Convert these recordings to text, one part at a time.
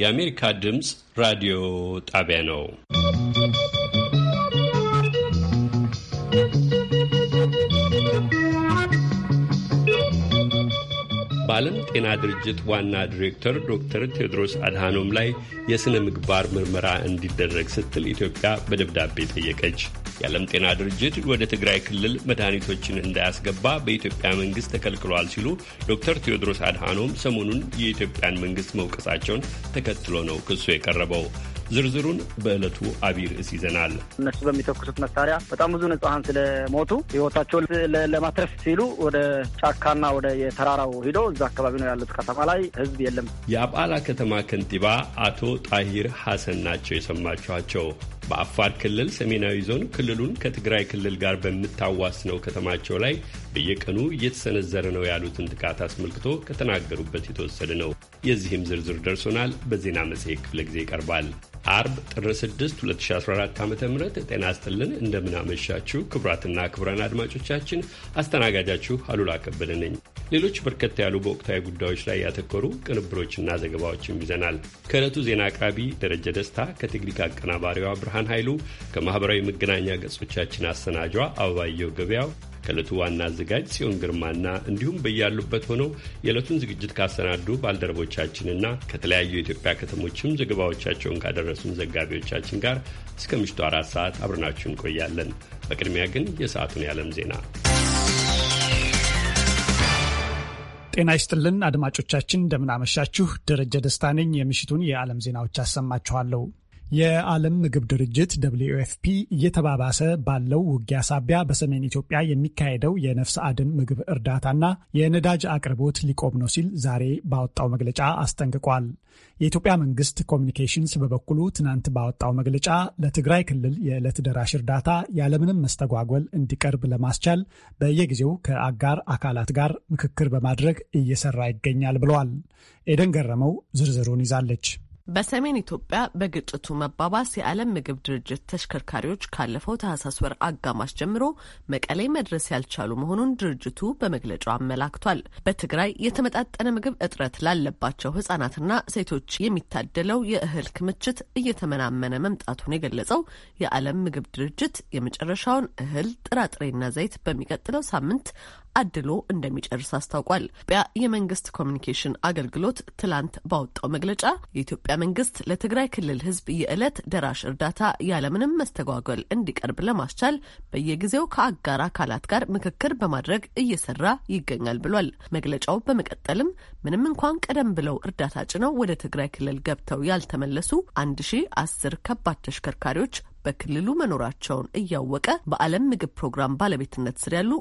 የአሜሪካ ድምፅ ራዲዮ ጣቢያ ነው። በዓለም ጤና ድርጅት ዋና ዲሬክተር ዶክተር ቴዎድሮስ አድሃኖም ላይ የሥነ ምግባር ምርመራ እንዲደረግ ስትል ኢትዮጵያ በደብዳቤ ጠየቀች። የዓለም ጤና ድርጅት ወደ ትግራይ ክልል መድኃኒቶችን እንዳያስገባ በኢትዮጵያ መንግሥት ተከልክሏል ሲሉ ዶክተር ቴዎድሮስ አድሃኖም ሰሞኑን የኢትዮጵያን መንግሥት መውቀሳቸውን ተከትሎ ነው ክሱ የቀረበው። ዝርዝሩን በዕለቱ አቢይ ርዕስ ይዘናል። እነሱ በሚተኩሱት መሳሪያ በጣም ብዙ ንጹሐን ስለሞቱ ህይወታቸውን ለማትረፍ ሲሉ ወደ ጫካና ወደ የተራራው ሂዶ እዛ አካባቢ ነው ያሉት። ከተማ ላይ ህዝብ የለም። የአባላ ከተማ ከንቲባ አቶ ጣሂር ሐሰን ናቸው የሰማችኋቸው። በአፋር ክልል ሰሜናዊ ዞን ክልሉን ከትግራይ ክልል ጋር በምታዋስነው ከተማቸው ላይ በየቀኑ እየተሰነዘረ ነው ያሉትን ጥቃት አስመልክቶ ከተናገሩበት የተወሰደ ነው። የዚህም ዝርዝር ደርሶናል፣ በዜና መጽሔት ክፍለ ጊዜ ይቀርባል። አርብ ጥር 6 2014 ዓ ም ጤና ስጥልን፣ እንደምናመሻችሁ ክቡራትና ክቡራን አድማጮቻችን፣ አስተናጋጃችሁ አሉላ ከበደ ነኝ። ሌሎች በርከት ያሉ በወቅታዊ ጉዳዮች ላይ ያተኮሩ ቅንብሮችና ዘገባዎችም ይዘናል። ከዕለቱ ዜና አቅራቢ ደረጀ ደስታ ከቴክኒክ አቀናባሪዋ ብርሃን ኃይሉ ከማኅበራዊ መገናኛ ገጾቻችን አሰናጇ አበባየው ገበያው ከዕለቱ ዋና አዘጋጅ ጽዮን ግርማና እንዲሁም በያሉበት ሆነው የዕለቱን ዝግጅት ካሰናዱ ባልደረቦቻችንና ከተለያዩ የኢትዮጵያ ከተሞችም ዘገባዎቻቸውን ካደረሱን ዘጋቢዎቻችን ጋር እስከ ምሽቱ አራት ሰዓት አብረናችሁ እንቆያለን። በቅድሚያ ግን የሰዓቱን የዓለም ዜና። ጤና ይስጥልን አድማጮቻችን፣ እንደምናመሻችሁ። ደረጀ ደስታ ነኝ። የምሽቱን የዓለም ዜናዎች አሰማችኋለሁ። የዓለም ምግብ ድርጅት ደብልዩ ኤፍ ፒ እየተባባሰ ባለው ውጊያ ሳቢያ በሰሜን ኢትዮጵያ የሚካሄደው የነፍስ አድን ምግብ እርዳታና የነዳጅ አቅርቦት ሊቆም ነው ሲል ዛሬ ባወጣው መግለጫ አስጠንቅቋል። የኢትዮጵያ መንግስት ኮሚኒኬሽንስ በበኩሉ ትናንት ባወጣው መግለጫ ለትግራይ ክልል የዕለት ደራሽ እርዳታ ያለምንም መስተጓጎል እንዲቀርብ ለማስቻል በየጊዜው ከአጋር አካላት ጋር ምክክር በማድረግ እየሰራ ይገኛል ብለዋል። ኤደን ገረመው ዝርዝሩን ይዛለች። በሰሜን ኢትዮጵያ በግጭቱ መባባስ የዓለም ምግብ ድርጅት ተሽከርካሪዎች ካለፈው ታህሳስ ወር አጋማሽ ጀምሮ መቀሌ መድረስ ያልቻሉ መሆኑን ድርጅቱ በመግለጫው አመላክቷል። በትግራይ የተመጣጠነ ምግብ እጥረት ላለባቸው ህጻናትና ሴቶች የሚታደለው የእህል ክምችት እየተመናመነ መምጣቱን የገለጸው የዓለም ምግብ ድርጅት የመጨረሻውን እህል ጥራጥሬና ዘይት በሚቀጥለው ሳምንት አድሎ እንደሚጨርስ አስታውቋል። ኢትዮጵያ የመንግስት ኮሚኒኬሽን አገልግሎት ትላንት ባወጣው መግለጫ የኢትዮጵያ መንግስት ለትግራይ ክልል ህዝብ የዕለት ደራሽ እርዳታ ያለምንም መስተጓጎል እንዲቀርብ ለማስቻል በየጊዜው ከአጋር አካላት ጋር ምክክር በማድረግ እየሰራ ይገኛል ብሏል። መግለጫው በመቀጠልም ምንም እንኳን ቀደም ብለው እርዳታ ጭነው ወደ ትግራይ ክልል ገብተው ያልተመለሱ አንድ ሺ አስር ከባድ ተሽከርካሪዎች በክልሉ መኖራቸውን እያወቀ በዓለም ምግብ ፕሮግራም ባለቤትነት ስር ያሉ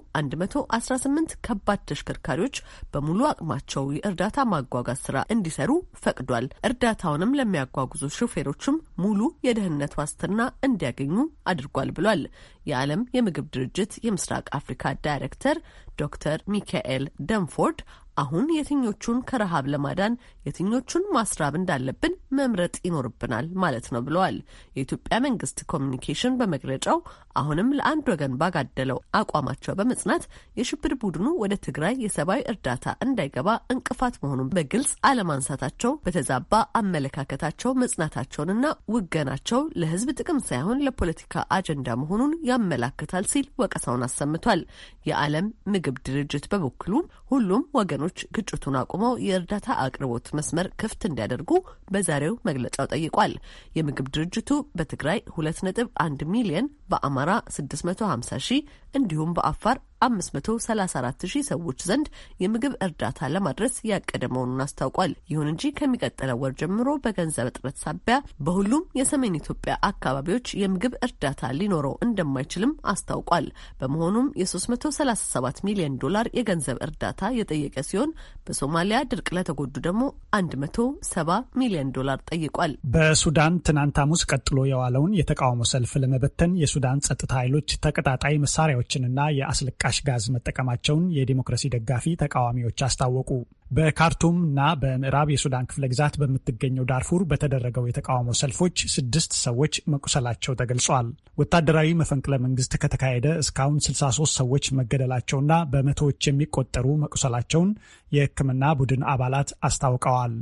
118 ከባድ ተሽከርካሪዎች በሙሉ አቅማቸው የእርዳታ ማጓጓዝ ስራ እንዲሰሩ ፈቅዷል። እርዳታውንም ለሚያጓጉዙ ሾፌሮችም ሙሉ የደህንነት ዋስትና እንዲያገኙ አድርጓል ብሏል። የዓለም የምግብ ድርጅት የምስራቅ አፍሪካ ዳይሬክተር ዶክተር ሚካኤል ደንፎርድ አሁን የትኞቹን ከረሃብ ለማዳን የትኞቹን ማስራብ እንዳለብን መምረጥ ይኖርብናል ማለት ነው ብለዋል። የኢትዮጵያ መንግስት ኮሚኒኬሽን በመግለጫው አሁንም ለአንድ ወገን ባጋደለው አቋማቸው በመጽናት የሽብር ቡድኑ ወደ ትግራይ የሰብአዊ እርዳታ እንዳይገባ እንቅፋት መሆኑን በግልጽ አለማንሳታቸው በተዛባ አመለካከታቸው መጽናታቸውንና ውገናቸው ለህዝብ ጥቅም ሳይሆን ለፖለቲካ አጀንዳ መሆኑን ያመላክታል ሲል ወቀሳውን አሰምቷል። የዓለም ምግብ ድርጅት በበኩሉ ሁሉም ወገኖች ኃይሎች ግጭቱን አቁመው የእርዳታ አቅርቦት መስመር ክፍት እንዲያደርጉ በዛሬው መግለጫው ጠይቋል። የምግብ ድርጅቱ በትግራይ 2.1 ሚሊየን፣ በአማራ 650 ሺህ እንዲሁም በአፋር 534,000 ሰዎች ዘንድ የምግብ እርዳታ ለማድረስ ያቀደ መሆኑን አስታውቋል። ይሁን እንጂ ከሚቀጥለው ወር ጀምሮ በገንዘብ እጥረት ሳቢያ በሁሉም የሰሜን ኢትዮጵያ አካባቢዎች የምግብ እርዳታ ሊኖረው እንደማይችልም አስታውቋል። በመሆኑም የ337 ሚሊዮን ዶላር የገንዘብ እርዳታ የጠየቀ ሲሆን በሶማሊያ ድርቅ ለተጎዱ ደግሞ 170 ሚሊዮን ዶላር ጠይቋል። በሱዳን ትናንት ሐሙስ ቀጥሎ የዋለውን የተቃውሞ ሰልፍ ለመበተን የሱዳን ጸጥታ ኃይሎች ተቀጣጣይ መሳሪያዎችንና የአስለቃ አስለቃሽ ጋዝ መጠቀማቸውን የዲሞክራሲ ደጋፊ ተቃዋሚዎች አስታወቁ። በካርቱም እና በምዕራብ የሱዳን ክፍለ ግዛት በምትገኘው ዳርፉር በተደረገው የተቃውሞ ሰልፎች ስድስት ሰዎች መቁሰላቸው ተገልጿል። ወታደራዊ መፈንቅለ መንግስት ከተካሄደ እስካሁን 63 ሰዎች መገደላቸውና በመቶዎች የሚቆጠሩ መቁሰላቸውን የሕክምና ቡድን አባላት አስታውቀዋል።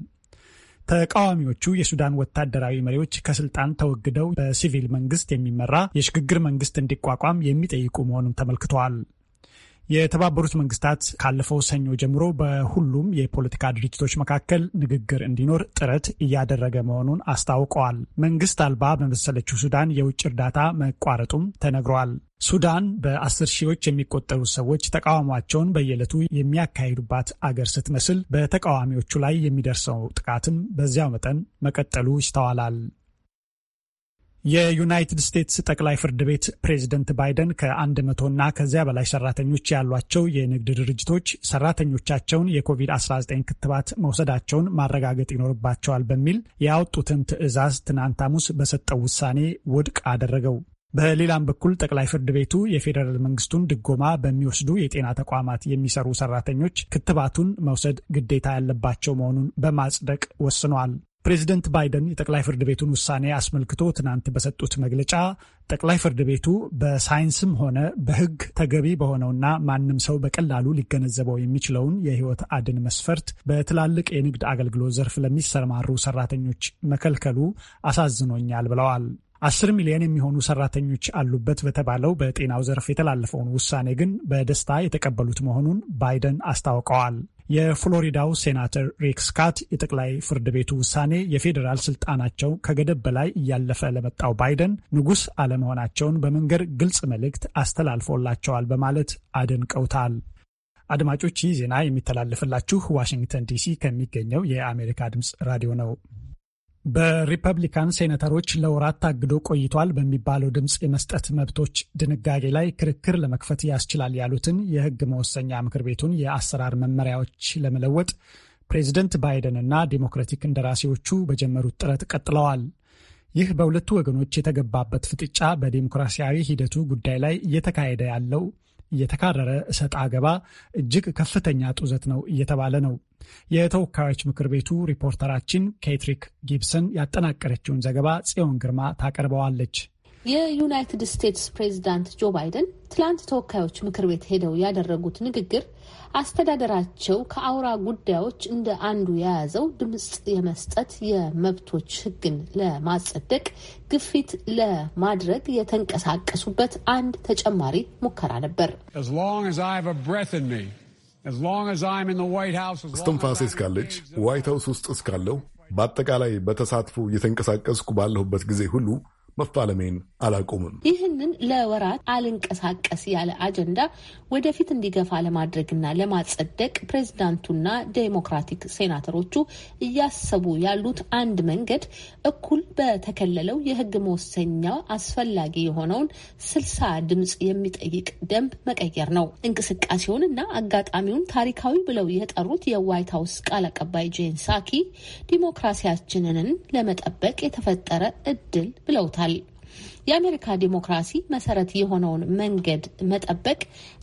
ተቃዋሚዎቹ የሱዳን ወታደራዊ መሪዎች ከስልጣን ተወግደው በሲቪል መንግስት የሚመራ የሽግግር መንግስት እንዲቋቋም የሚጠይቁ መሆኑን ተመልክተዋል። የተባበሩት መንግስታት ካለፈው ሰኞ ጀምሮ በሁሉም የፖለቲካ ድርጅቶች መካከል ንግግር እንዲኖር ጥረት እያደረገ መሆኑን አስታውቀዋል። መንግስት አልባ በመሰለችው ሱዳን የውጭ እርዳታ መቋረጡም ተነግሯል። ሱዳን በአስር ሺዎች የሚቆጠሩ ሰዎች ተቃውሟቸውን በየዕለቱ የሚያካሂዱባት አገር ስትመስል በተቃዋሚዎቹ ላይ የሚደርሰው ጥቃትም በዚያው መጠን መቀጠሉ ይስተዋላል። የዩናይትድ ስቴትስ ጠቅላይ ፍርድ ቤት ፕሬዚደንት ባይደን ከአንድ መቶና ከዚያ በላይ ሰራተኞች ያሏቸው የንግድ ድርጅቶች ሰራተኞቻቸውን የኮቪድ-19 ክትባት መውሰዳቸውን ማረጋገጥ ይኖርባቸዋል በሚል ያወጡትን ትዕዛዝ ትናንት ሐሙስ በሰጠው ውሳኔ ውድቅ አደረገው። በሌላም በኩል ጠቅላይ ፍርድ ቤቱ የፌዴራል መንግስቱን ድጎማ በሚወስዱ የጤና ተቋማት የሚሰሩ ሰራተኞች ክትባቱን መውሰድ ግዴታ ያለባቸው መሆኑን በማጽደቅ ወስኗል። ፕሬዚደንት ባይደን የጠቅላይ ፍርድ ቤቱን ውሳኔ አስመልክቶ ትናንት በሰጡት መግለጫ ጠቅላይ ፍርድ ቤቱ በሳይንስም ሆነ በሕግ ተገቢ በሆነውና ማንም ሰው በቀላሉ ሊገነዘበው የሚችለውን የሕይወት አድን መስፈርት በትላልቅ የንግድ አገልግሎት ዘርፍ ለሚሰማሩ ሰራተኞች መከልከሉ አሳዝኖኛል ብለዋል። አስር ሚሊዮን የሚሆኑ ሰራተኞች አሉበት በተባለው በጤናው ዘርፍ የተላለፈውን ውሳኔ ግን በደስታ የተቀበሉት መሆኑን ባይደን አስታውቀዋል። የፍሎሪዳው ሴናተር ሪክ ስካት የጠቅላይ ፍርድ ቤቱ ውሳኔ የፌዴራል ስልጣናቸው ከገደብ በላይ እያለፈ ለመጣው ባይደን ንጉሥ አለመሆናቸውን በመንገድ ግልጽ መልእክት አስተላልፎላቸዋል በማለት አደንቀውታል። አድማጮች ይህ ዜና የሚተላለፍላችሁ ዋሽንግተን ዲሲ ከሚገኘው የአሜሪካ ድምፅ ራዲዮ ነው። በሪፐብሊካን ሴኔተሮች ለወራት ታግዶ ቆይቷል በሚባለው ድምፅ የመስጠት መብቶች ድንጋጌ ላይ ክርክር ለመክፈት ያስችላል ያሉትን የሕግ መወሰኛ ምክር ቤቱን የአሰራር መመሪያዎች ለመለወጥ ፕሬዚደንት እና ዴሞክራቲክ እንደራሴዎቹ በጀመሩት ጥረት ቀጥለዋል። ይህ በሁለቱ ወገኖች የተገባበት ፍጥጫ በዴሞክራሲያዊ ሂደቱ ጉዳይ ላይ እየተካሄደ ያለው እየተካረረ እሰጥ አገባ እጅግ ከፍተኛ ጡዘት ነው እየተባለ ነው። የተወካዮች ምክር ቤቱ ሪፖርተራችን ኬትሪክ ጊብሰን ያጠናቀረችውን ዘገባ ጽዮን ግርማ ታቀርበዋለች። የዩናይትድ ስቴትስ ፕሬዚዳንት ጆ ባይደን ትላንት ተወካዮች ምክር ቤት ሄደው ያደረጉት ንግግር አስተዳደራቸው ከአውራ ጉዳዮች እንደ አንዱ የያዘው ድምፅ የመስጠት የመብቶች ሕግን ለማጸደቅ ግፊት ለማድረግ የተንቀሳቀሱበት አንድ ተጨማሪ ሙከራ ነበር። እስትንፋሴ እስካለች ዋይት ሀውስ ውስጥ እስካለሁ በአጠቃላይ በተሳትፎ እየተንቀሳቀስኩ ባለሁበት ጊዜ ሁሉ መፋለሜን አላቆምም። ይህንን ለወራት አልንቀሳቀስ ያለ አጀንዳ ወደፊት እንዲገፋ ለማድረግና ለማጸደቅ ፕሬዚዳንቱና ዴሞክራቲክ ሴናተሮቹ እያሰቡ ያሉት አንድ መንገድ እኩል በተከለለው የህግ መወሰኛ አስፈላጊ የሆነውን ስልሳ ድምፅ የሚጠይቅ ደንብ መቀየር ነው። እንቅስቃሴውንና አጋጣሚውን ታሪካዊ ብለው የጠሩት የዋይት ሀውስ ቃል አቀባይ ጄን ሳኪ ዲሞክራሲያችንን ለመጠበቅ የተፈጠረ እድል ብለውታል። የአሜሪካ ዲሞክራሲ መሰረት የሆነውን መንገድ መጠበቅ፣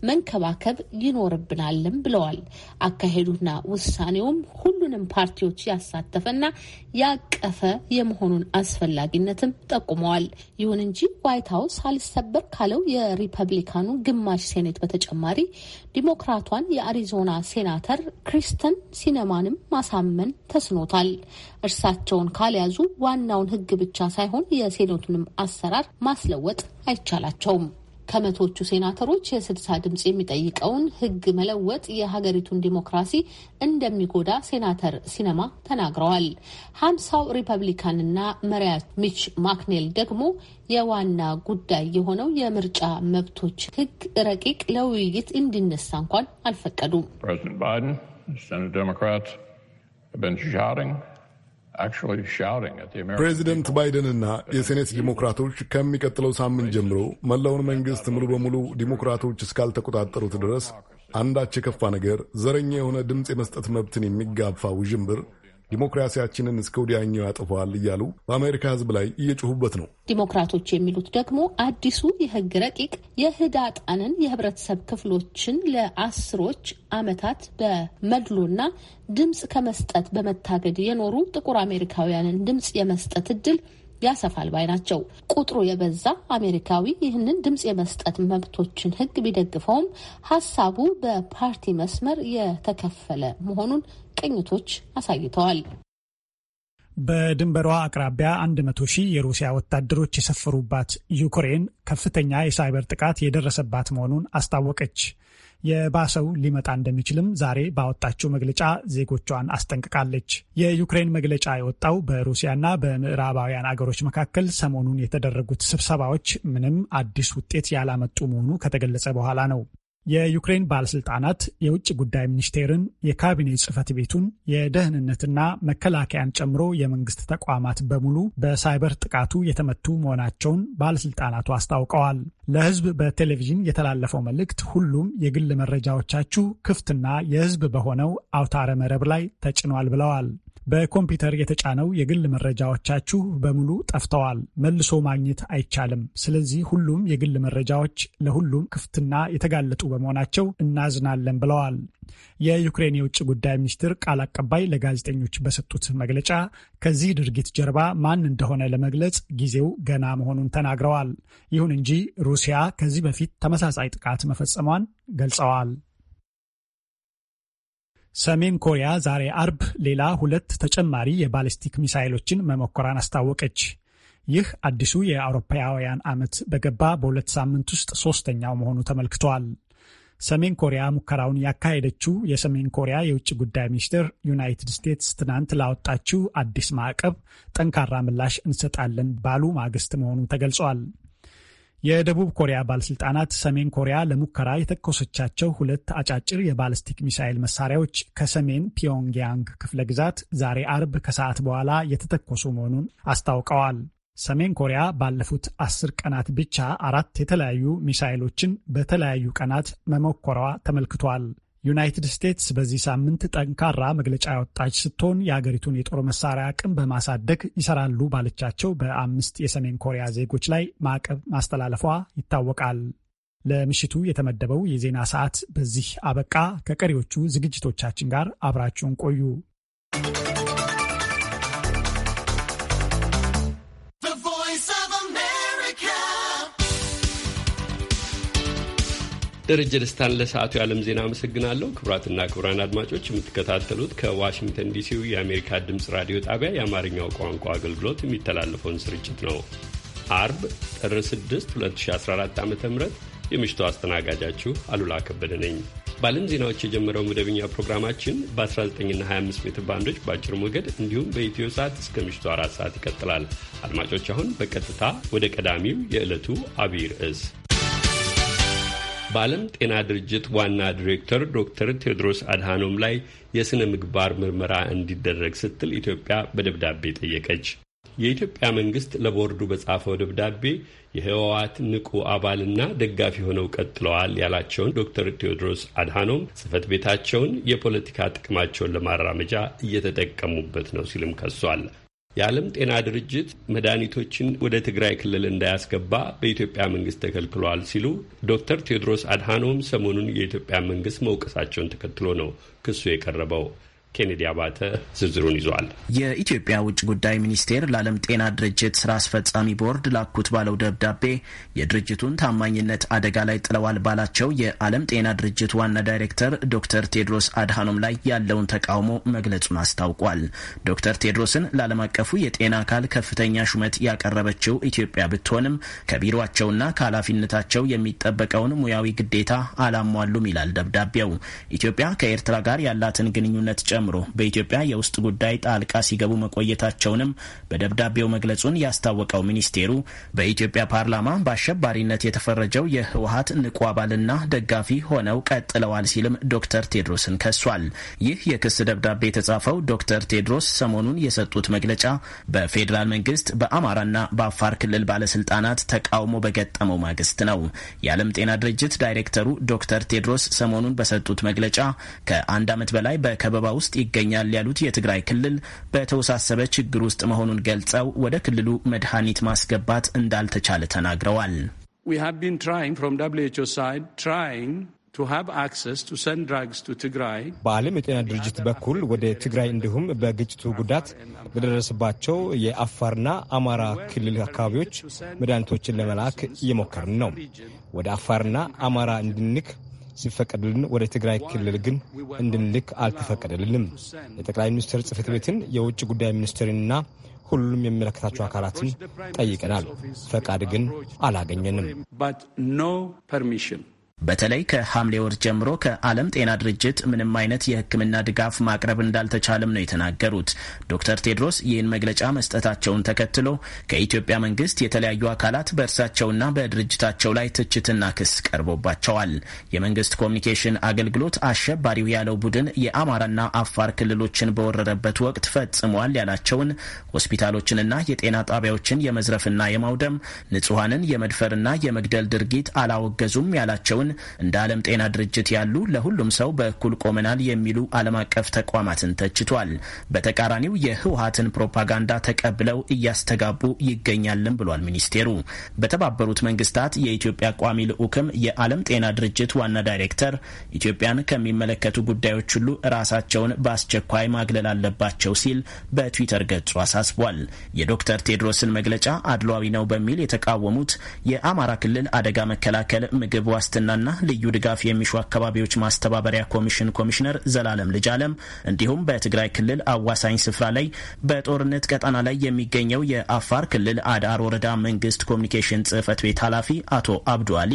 መንከባከብ ይኖርብናልም ብለዋል። አካሄዱና ውሳኔውም ሁሉንም ፓርቲዎች ያሳተፈና ያቀፈ የመሆኑን አስፈላጊነትም ጠቁመዋል። ይሁን እንጂ ዋይት ሀውስ አልሰበር ካለው የሪፐብሊካኑ ግማሽ ሴኔት በተጨማሪ ዲሞክራቷን የአሪዞና ሴናተር ክሪስተን ሲነማንም ማሳመን ተስኖታል። እርሳቸውን ካልያዙ ዋናውን ህግ ብቻ ሳይሆን የሴኔቱንም አሰራር ማስለወጥ አይቻላቸውም። ከመቶቹ ሴናተሮች የስድሳ ድምፅ የሚጠይቀውን ህግ መለወጥ የሀገሪቱን ዲሞክራሲ እንደሚጎዳ ሴናተር ሲነማ ተናግረዋል። ሀምሳው ሪፐብሊካንና መሪያ ሚች ማክኔል ደግሞ የዋና ጉዳይ የሆነው የምርጫ መብቶች ህግ ረቂቅ ለውይይት እንዲነሳ እንኳን አልፈቀዱም። ፕሬዚደንት ባይደንና የሴኔት ዲሞክራቶች ከሚቀጥለው ሳምንት ጀምሮ መላውን መንግስት ሙሉ በሙሉ ዲሞክራቶች እስካልተቆጣጠሩት ድረስ አንዳች የከፋ ነገር፣ ዘረኛ የሆነ ድምፅ የመስጠት መብትን የሚጋፋ ውዥንብር ዲሞክራሲያችንን እስከ ወዲያኛው ያጥፈዋል እያሉ በአሜሪካ ሕዝብ ላይ እየጮሁበት ነው። ዲሞክራቶች የሚሉት ደግሞ አዲሱ የህግ ረቂቅ የህዳጣንን የህብረተሰብ ክፍሎችን ለአስሮች ዓመታት በመድሎና ድምፅ ከመስጠት በመታገድ የኖሩ ጥቁር አሜሪካውያንን ድምፅ የመስጠት እድል ያሰፋል ባይ ናቸው። ቁጥሩ የበዛ አሜሪካዊ ይህንን ድምፅ የመስጠት መብቶችን ህግ ቢደግፈውም ሀሳቡ በፓርቲ መስመር የተከፈለ መሆኑን ቅኝቶች አሳይተዋል። በድንበሯ አቅራቢያ 100 ሺህ የሩሲያ ወታደሮች የሰፈሩባት ዩክሬን ከፍተኛ የሳይበር ጥቃት የደረሰባት መሆኑን አስታወቀች። የባሰው ሊመጣ እንደሚችልም ዛሬ ባወጣችው መግለጫ ዜጎቿን አስጠንቅቃለች። የዩክሬን መግለጫ የወጣው በሩሲያና በምዕራባውያን አገሮች መካከል ሰሞኑን የተደረጉት ስብሰባዎች ምንም አዲስ ውጤት ያላመጡ መሆኑ ከተገለጸ በኋላ ነው። የዩክሬን ባለስልጣናት የውጭ ጉዳይ ሚኒስቴርን፣ የካቢኔ ጽህፈት ቤቱን፣ የደህንነትና መከላከያን ጨምሮ የመንግስት ተቋማት በሙሉ በሳይበር ጥቃቱ የተመቱ መሆናቸውን ባለስልጣናቱ አስታውቀዋል። ለህዝብ በቴሌቪዥን የተላለፈው መልእክት ሁሉም የግል መረጃዎቻችሁ ክፍትና የህዝብ በሆነው አውታረ መረብ ላይ ተጭኗል ብለዋል። በኮምፒውተር የተጫነው የግል መረጃዎቻችሁ በሙሉ ጠፍተዋል፣ መልሶ ማግኘት አይቻልም። ስለዚህ ሁሉም የግል መረጃዎች ለሁሉም ክፍትና የተጋለጡ በመሆናቸው እናዝናለን ብለዋል። የዩክሬን የውጭ ጉዳይ ሚኒስትር ቃል አቀባይ ለጋዜጠኞች በሰጡት መግለጫ ከዚህ ድርጊት ጀርባ ማን እንደሆነ ለመግለጽ ጊዜው ገና መሆኑን ተናግረዋል። ይሁን እንጂ ሩሲያ ከዚህ በፊት ተመሳሳይ ጥቃት መፈጸሟን ገልጸዋል። ሰሜን ኮሪያ ዛሬ አርብ ሌላ ሁለት ተጨማሪ የባሊስቲክ ሚሳይሎችን መሞከሯን አስታወቀች። ይህ አዲሱ የአውሮፓውያን ዓመት በገባ በሁለት ሳምንት ውስጥ ሶስተኛው መሆኑ ተመልክቷል። ሰሜን ኮሪያ ሙከራውን ያካሄደችው የሰሜን ኮሪያ የውጭ ጉዳይ ሚኒስትር ዩናይትድ ስቴትስ ትናንት ላወጣችው አዲስ ማዕቀብ ጠንካራ ምላሽ እንሰጣለን ባሉ ማግስት መሆኑ ተገልጿል። የደቡብ ኮሪያ ባለስልጣናት ሰሜን ኮሪያ ለሙከራ የተኮሰቻቸው ሁለት አጫጭር የባለስቲክ ሚሳይል መሳሪያዎች ከሰሜን ፒዮንግያንግ ክፍለ ግዛት ዛሬ አርብ ከሰዓት በኋላ የተተኮሱ መሆኑን አስታውቀዋል። ሰሜን ኮሪያ ባለፉት አስር ቀናት ብቻ አራት የተለያዩ ሚሳይሎችን በተለያዩ ቀናት መሞከሯ ተመልክቷል። ዩናይትድ ስቴትስ በዚህ ሳምንት ጠንካራ መግለጫ ያወጣች ስትሆን የአገሪቱን የጦር መሳሪያ አቅም በማሳደግ ይሰራሉ ባለቻቸው በአምስት የሰሜን ኮሪያ ዜጎች ላይ ማዕቀብ ማስተላለፏ ይታወቃል። ለምሽቱ የተመደበው የዜና ሰዓት በዚህ አበቃ። ከቀሪዎቹ ዝግጅቶቻችን ጋር አብራችሁን ቆዩ። ደረጀ ደስታን ለሰዓቱ የዓለም ዜና አመሰግናለሁ። ክቡራትና ክቡራን አድማጮች የምትከታተሉት ከዋሽንግተን ዲሲው የአሜሪካ ድምፅ ራዲዮ ጣቢያ የአማርኛው ቋንቋ አገልግሎት የሚተላለፈውን ስርጭት ነው። አርብ ጥር 6 2014 ዓ ም የምሽቱ አስተናጋጃችሁ አሉላ ከበደ ነኝ። በዓለም ዜናዎች የጀመረው መደበኛ ፕሮግራማችን በ19ና 25 ሜትር ባንዶች በአጭር ሞገድ እንዲሁም በኢትዮ ሰዓት እስከ ምሽቱ አራት ሰዓት ይቀጥላል። አድማጮች አሁን በቀጥታ ወደ ቀዳሚው የዕለቱ አብይ ርዕስ በዓለም ጤና ድርጅት ዋና ዲሬክተር ዶክተር ቴዎድሮስ አድሃኖም ላይ የሥነ ምግባር ምርመራ እንዲደረግ ስትል ኢትዮጵያ በደብዳቤ ጠየቀች። የኢትዮጵያ መንግስት ለቦርዱ በጻፈው ደብዳቤ የህወሓት ንቁ አባልና ደጋፊ ሆነው ቀጥለዋል ያላቸውን ዶክተር ቴዎድሮስ አድሃኖም ጽህፈት ቤታቸውን የፖለቲካ ጥቅማቸውን ለማራመጃ እየተጠቀሙበት ነው ሲልም ከሷል። የዓለም ጤና ድርጅት መድኃኒቶችን ወደ ትግራይ ክልል እንዳያስገባ በኢትዮጵያ መንግስት ተከልክሏል ሲሉ ዶክተር ቴዎድሮስ አድሃኖም ሰሞኑን የኢትዮጵያ መንግስት መውቀሳቸውን ተከትሎ ነው ክሱ የቀረበው። ኬኔዲ አባተ ዝርዝሩን ይዟል። የኢትዮጵያ ውጭ ጉዳይ ሚኒስቴር ለዓለም ጤና ድርጅት ስራ አስፈጻሚ ቦርድ ላኩት ባለው ደብዳቤ የድርጅቱን ታማኝነት አደጋ ላይ ጥለዋል ባላቸው የዓለም ጤና ድርጅት ዋና ዳይሬክተር ዶክተር ቴድሮስ አድሃኖም ላይ ያለውን ተቃውሞ መግለጹን አስታውቋል። ዶክተር ቴድሮስን ለዓለም አቀፉ የጤና አካል ከፍተኛ ሹመት ያቀረበችው ኢትዮጵያ ብትሆንም ከቢሮቸውና ከኃላፊነታቸው የሚጠበቀውን ሙያዊ ግዴታ አላሟሉም ይላል ደብዳቤው። ኢትዮጵያ ከኤርትራ ጋር ያላትን ግንኙነት ጨ ጨምሮ በኢትዮጵያ የውስጥ ጉዳይ ጣልቃ ሲገቡ መቆየታቸውንም በደብዳቤው መግለጹን ያስታወቀው ሚኒስቴሩ በኢትዮጵያ ፓርላማ በአሸባሪነት የተፈረጀው የህወሀት ንቁ አባልና ደጋፊ ሆነው ቀጥለዋል ሲልም ዶክተር ቴድሮስን ከሷል። ይህ የክስ ደብዳቤ የተጻፈው ዶክተር ቴድሮስ ሰሞኑን የሰጡት መግለጫ በፌዴራል መንግስት በአማራና በአፋር ክልል ባለስልጣናት ተቃውሞ በገጠመው ማግስት ነው። የዓለም ጤና ድርጅት ዳይሬክተሩ ዶክተር ቴድሮስ ሰሞኑን በሰጡት መግለጫ ከአንድ ዓመት በላይ በከበባ ውስጥ ይገኛል ያሉት የትግራይ ክልል በተወሳሰበ ችግር ውስጥ መሆኑን ገልጸው ወደ ክልሉ መድኃኒት ማስገባት እንዳልተቻለ ተናግረዋል። በዓለም የጤና ድርጅት በኩል ወደ ትግራይ እንዲሁም በግጭቱ ጉዳት ለደረሰባቸው የአፋርና አማራ ክልል አካባቢዎች መድኃኒቶችን ለመላክ እየሞከርን ነው። ወደ አፋርና አማራ እንድንክ ሲፈቀድልን ወደ ትግራይ ክልል ግን እንድንልክ አልተፈቀደልንም። የጠቅላይ ሚኒስትር ጽፈት ቤትን የውጭ ጉዳይ ሚኒስትርንና ሁሉም የሚመለከታቸው አካላትን ጠይቀናል። ፈቃድ ግን አላገኘንም። በተለይ ከሐምሌ ወር ጀምሮ ከዓለም ጤና ድርጅት ምንም አይነት የሕክምና ድጋፍ ማቅረብ እንዳልተቻለም ነው የተናገሩት። ዶክተር ቴድሮስ ይህን መግለጫ መስጠታቸውን ተከትሎ ከኢትዮጵያ መንግስት የተለያዩ አካላት በእርሳቸውና በድርጅታቸው ላይ ትችትና ክስ ቀርቦባቸዋል። የመንግስት ኮሚኒኬሽን አገልግሎት አሸባሪው ያለው ቡድን የአማራና አፋር ክልሎችን በወረረበት ወቅት ፈጽሟል ያላቸውን ሆስፒታሎችንና የጤና ጣቢያዎችን የመዝረፍና የማውደም ንጹሐንን የመድፈርና የመግደል ድርጊት አላወገዙም ያላቸውን ሲሆን እንደ ዓለም ጤና ድርጅት ያሉ ለሁሉም ሰው በእኩል ቆመናል የሚሉ ዓለም አቀፍ ተቋማትን ተችቷል። በተቃራኒው የህወሀትን ፕሮፓጋንዳ ተቀብለው እያስተጋቡ ይገኛልም ብሏል ሚኒስቴሩ። በተባበሩት መንግስታት የኢትዮጵያ ቋሚ ልዑክም የዓለም ጤና ድርጅት ዋና ዳይሬክተር ኢትዮጵያን ከሚመለከቱ ጉዳዮች ሁሉ ራሳቸውን በአስቸኳይ ማግለል አለባቸው ሲል በትዊተር ገጹ አሳስቧል። የዶክተር ቴድሮስን መግለጫ አድሏዊ ነው በሚል የተቃወሙት የአማራ ክልል አደጋ መከላከል ምግብ ዋስትና ጥገናና ልዩ ድጋፍ የሚሹ አካባቢዎች ማስተባበሪያ ኮሚሽን ኮሚሽነር ዘላለም ልጅ አለም እንዲሁም በትግራይ ክልል አዋሳኝ ስፍራ ላይ በጦርነት ቀጠና ላይ የሚገኘው የአፋር ክልል አዳር ወረዳ መንግስት ኮሚኒኬሽን ጽህፈት ቤት ኃላፊ አቶ አብዱ አሊ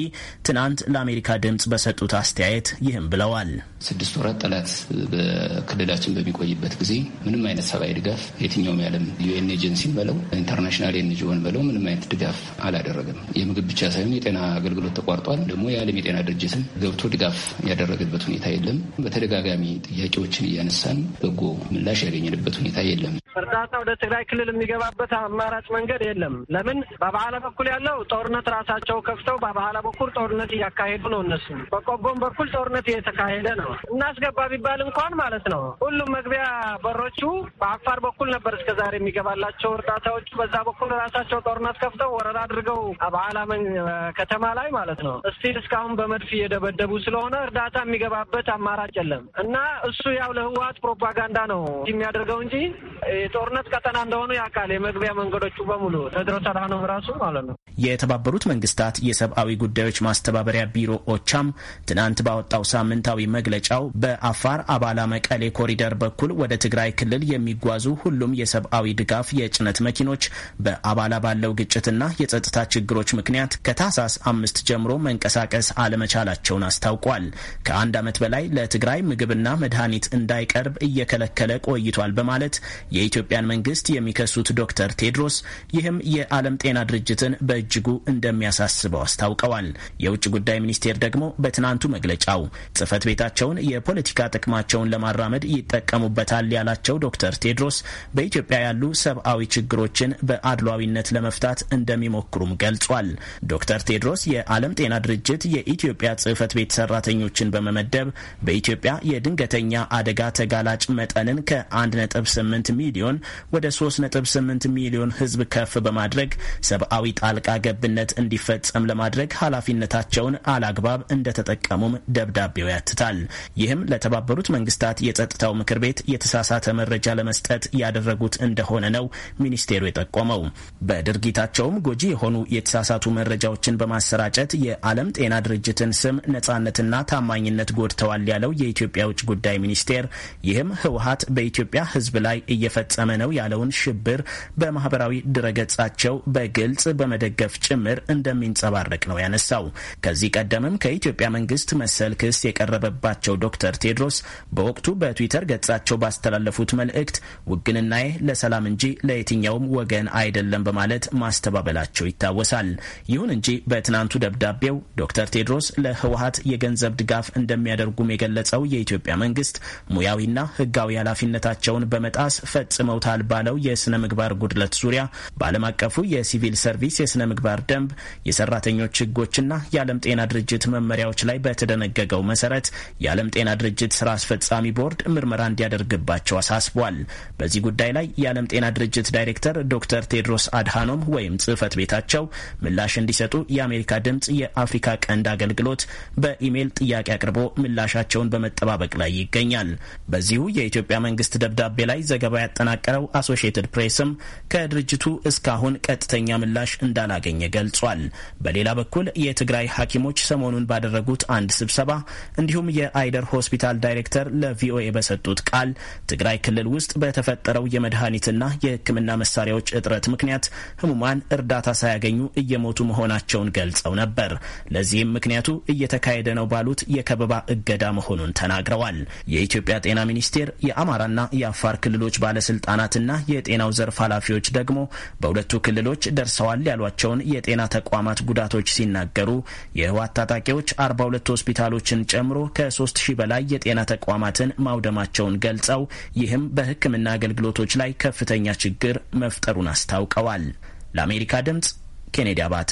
ትናንት ለአሜሪካ ድምጽ በሰጡት አስተያየት ይህም ብለዋል። ስድስት ወራት ጠላት በክልላችን በሚቆይበት ጊዜ ምንም አይነት ሰብአዊ ድጋፍ የትኛውም የዓለም ዩኤን ኤጀንሲን በለው ኢንተርናሽናል ኤንጂኦን በለው ምንም አይነት ድጋፍ አላደረገም። የምግብ ብቻ ሳይሆን የጤና አገልግሎት ተቋርጧል። ደግሞ የዓለም ጤና ድርጅትም ገብቶ ድጋፍ ያደረገበት ሁኔታ የለም። በተደጋጋሚ ጥያቄዎችን እያነሳን በጎ ምላሽ ያገኘንበት ሁኔታ የለም። እርዳታ ወደ ትግራይ ክልል የሚገባበት አማራጭ መንገድ የለም። ለምን በባህላ በኩል ያለው ጦርነት ራሳቸው ከፍተው በባህላ በኩል ጦርነት እያካሄዱ ነው። እነሱ በቆቦም በኩል ጦርነት እየተካሄደ ነው። እናስገባ ቢባል እንኳን ማለት ነው ሁሉም መግቢያ በሮቹ በአፋር በኩል ነበር እስከዛሬ የሚገባላቸው እርዳታዎቹ። በዛ በኩል ራሳቸው ጦርነት ከፍተው ወረራ አድርገው በኋላ ከተማ ላይ ማለት ነው እስቲል እስካሁን በመድፍ እየደበደቡ ስለሆነ እርዳታ የሚገባበት አማራጭ የለም እና እሱ ያው ለህወሀት ፕሮፓጋንዳ ነው የሚያደርገው እንጂ የጦርነት ቀጠና እንደሆኑ ያውቃል። የመግቢያ መንገዶቹ በሙሉ ቴድሮስ አድሃኖም ራሱ ማለት ነው። የተባበሩት መንግስታት የሰብአዊ ጉዳዮች ማስተባበሪያ ቢሮ ኦቻም ትናንት ባወጣው ሳምንታዊ መግለጫው በአፋር አባላ መቀሌ ኮሪደር በኩል ወደ ትግራይ ክልል የሚጓዙ ሁሉም የሰብአዊ ድጋፍ የጭነት መኪኖች በአባላ ባለው ግጭትና የጸጥታ ችግሮች ምክንያት ከታህሳስ አምስት ጀምሮ መንቀሳቀስ አለመቻላቸውን አስታውቋል። ከአንድ ዓመት በላይ ለትግራይ ምግብና መድኃኒት እንዳይቀርብ እየከለከለ ቆይቷል በማለት የኢትዮ የኢትዮጵያን መንግስት የሚከሱት ዶክተር ቴድሮስ ይህም የዓለም ጤና ድርጅትን በእጅጉ እንደሚያሳስበው አስታውቀዋል። የውጭ ጉዳይ ሚኒስቴር ደግሞ በትናንቱ መግለጫው ጽህፈት ቤታቸውን የፖለቲካ ጥቅማቸውን ለማራመድ ይጠቀሙበታል ያላቸው ዶክተር ቴድሮስ በኢትዮጵያ ያሉ ሰብአዊ ችግሮችን በአድሏዊነት ለመፍታት እንደሚሞክሩም ገልጿል። ዶክተር ቴድሮስ የዓለም ጤና ድርጅት የኢትዮጵያ ጽህፈት ቤት ሰራተኞችን በመመደብ በኢትዮጵያ የድንገተኛ አደጋ ተጋላጭ መጠንን ከ1.8 ሚሊዮን ሚሊዮን ወደ 3.8 ሚሊዮን ህዝብ ከፍ በማድረግ ሰብአዊ ጣልቃ ገብነት እንዲፈጸም ለማድረግ ኃላፊነታቸውን አላግባብ እንደተጠቀሙም ደብዳቤው ያትታል። ይህም ለተባበሩት መንግስታት የጸጥታው ምክር ቤት የተሳሳተ መረጃ ለመስጠት ያደረጉት እንደሆነ ነው ሚኒስቴሩ የጠቆመው። በድርጊታቸውም ጎጂ የሆኑ የተሳሳቱ መረጃዎችን በማሰራጨት የዓለም ጤና ድርጅትን ስም ነጻነትና ታማኝነት ጎድተዋል ያለው የኢትዮጵያ ውጭ ጉዳይ ሚኒስቴር ይህም ህወሀት በኢትዮጵያ ህዝብ ላይ እየፈ እየተፈጸመ ነው ያለውን ሽብር በማህበራዊ ድረገጻቸው በግልጽ በመደገፍ ጭምር እንደሚንጸባረቅ ነው ያነሳው። ከዚህ ቀደምም ከኢትዮጵያ መንግስት መሰል ክስ የቀረበባቸው ዶክተር ቴድሮስ በወቅቱ በትዊተር ገጻቸው ባስተላለፉት መልእክት ውግንናዬ ለሰላም እንጂ ለየትኛውም ወገን አይደለም በማለት ማስተባበላቸው ይታወሳል። ይሁን እንጂ በትናንቱ ደብዳቤው ዶክተር ቴድሮስ ለህወሀት የገንዘብ ድጋፍ እንደሚያደርጉም የገለጸው የኢትዮጵያ መንግስት ሙያዊና ህጋዊ ኃላፊነታቸውን በመጣስ ፈጽ ፈጽመውታል ባለው የስነ ምግባር ጉድለት ዙሪያ በዓለም አቀፉ የሲቪል ሰርቪስ የስነ ምግባር ደንብ የሰራተኞች ህጎችና የዓለም ጤና ድርጅት መመሪያዎች ላይ በተደነገገው መሰረት የዓለም ጤና ድርጅት ስራ አስፈጻሚ ቦርድ ምርመራ እንዲያደርግባቸው አሳስቧል። በዚህ ጉዳይ ላይ የዓለም ጤና ድርጅት ዳይሬክተር ዶክተር ቴድሮስ አድሃኖም ወይም ጽህፈት ቤታቸው ምላሽ እንዲሰጡ የአሜሪካ ድምፅ የአፍሪካ ቀንድ አገልግሎት በኢሜይል ጥያቄ አቅርቦ ምላሻቸውን በመጠባበቅ ላይ ይገኛል። በዚሁ የኢትዮጵያ መንግስት ደብዳቤ ላይ ዘገባ ያጠና ያጠናቀረው አሶሽየትድ ፕሬስም ከድርጅቱ እስካሁን ቀጥተኛ ምላሽ እንዳላገኘ ገልጿል። በሌላ በኩል የትግራይ ሐኪሞች ሰሞኑን ባደረጉት አንድ ስብሰባ እንዲሁም የአይደር ሆስፒታል ዳይሬክተር ለቪኦኤ በሰጡት ቃል ትግራይ ክልል ውስጥ በተፈጠረው የመድኃኒትና የሕክምና መሳሪያዎች እጥረት ምክንያት ህሙማን እርዳታ ሳያገኙ እየሞቱ መሆናቸውን ገልጸው ነበር። ለዚህም ምክንያቱ እየተካሄደ ነው ባሉት የከበባ እገዳ መሆኑን ተናግረዋል። የኢትዮጵያ ጤና ሚኒስቴር የአማራና የአፋር ክልሎች ባለስልጣ ባለስልጣናትና የጤናው ዘርፍ ኃላፊዎች ደግሞ በሁለቱ ክልሎች ደርሰዋል ያሏቸውን የጤና ተቋማት ጉዳቶች ሲናገሩ የህወሓት ታጣቂዎች 42 ሆስፒታሎችን ጨምሮ ከ3000 በላይ የጤና ተቋማትን ማውደማቸውን ገልጸው ይህም በሕክምና አገልግሎቶች ላይ ከፍተኛ ችግር መፍጠሩን አስታውቀዋል። ለአሜሪካ ድምጽ ኬኔዲ አባተ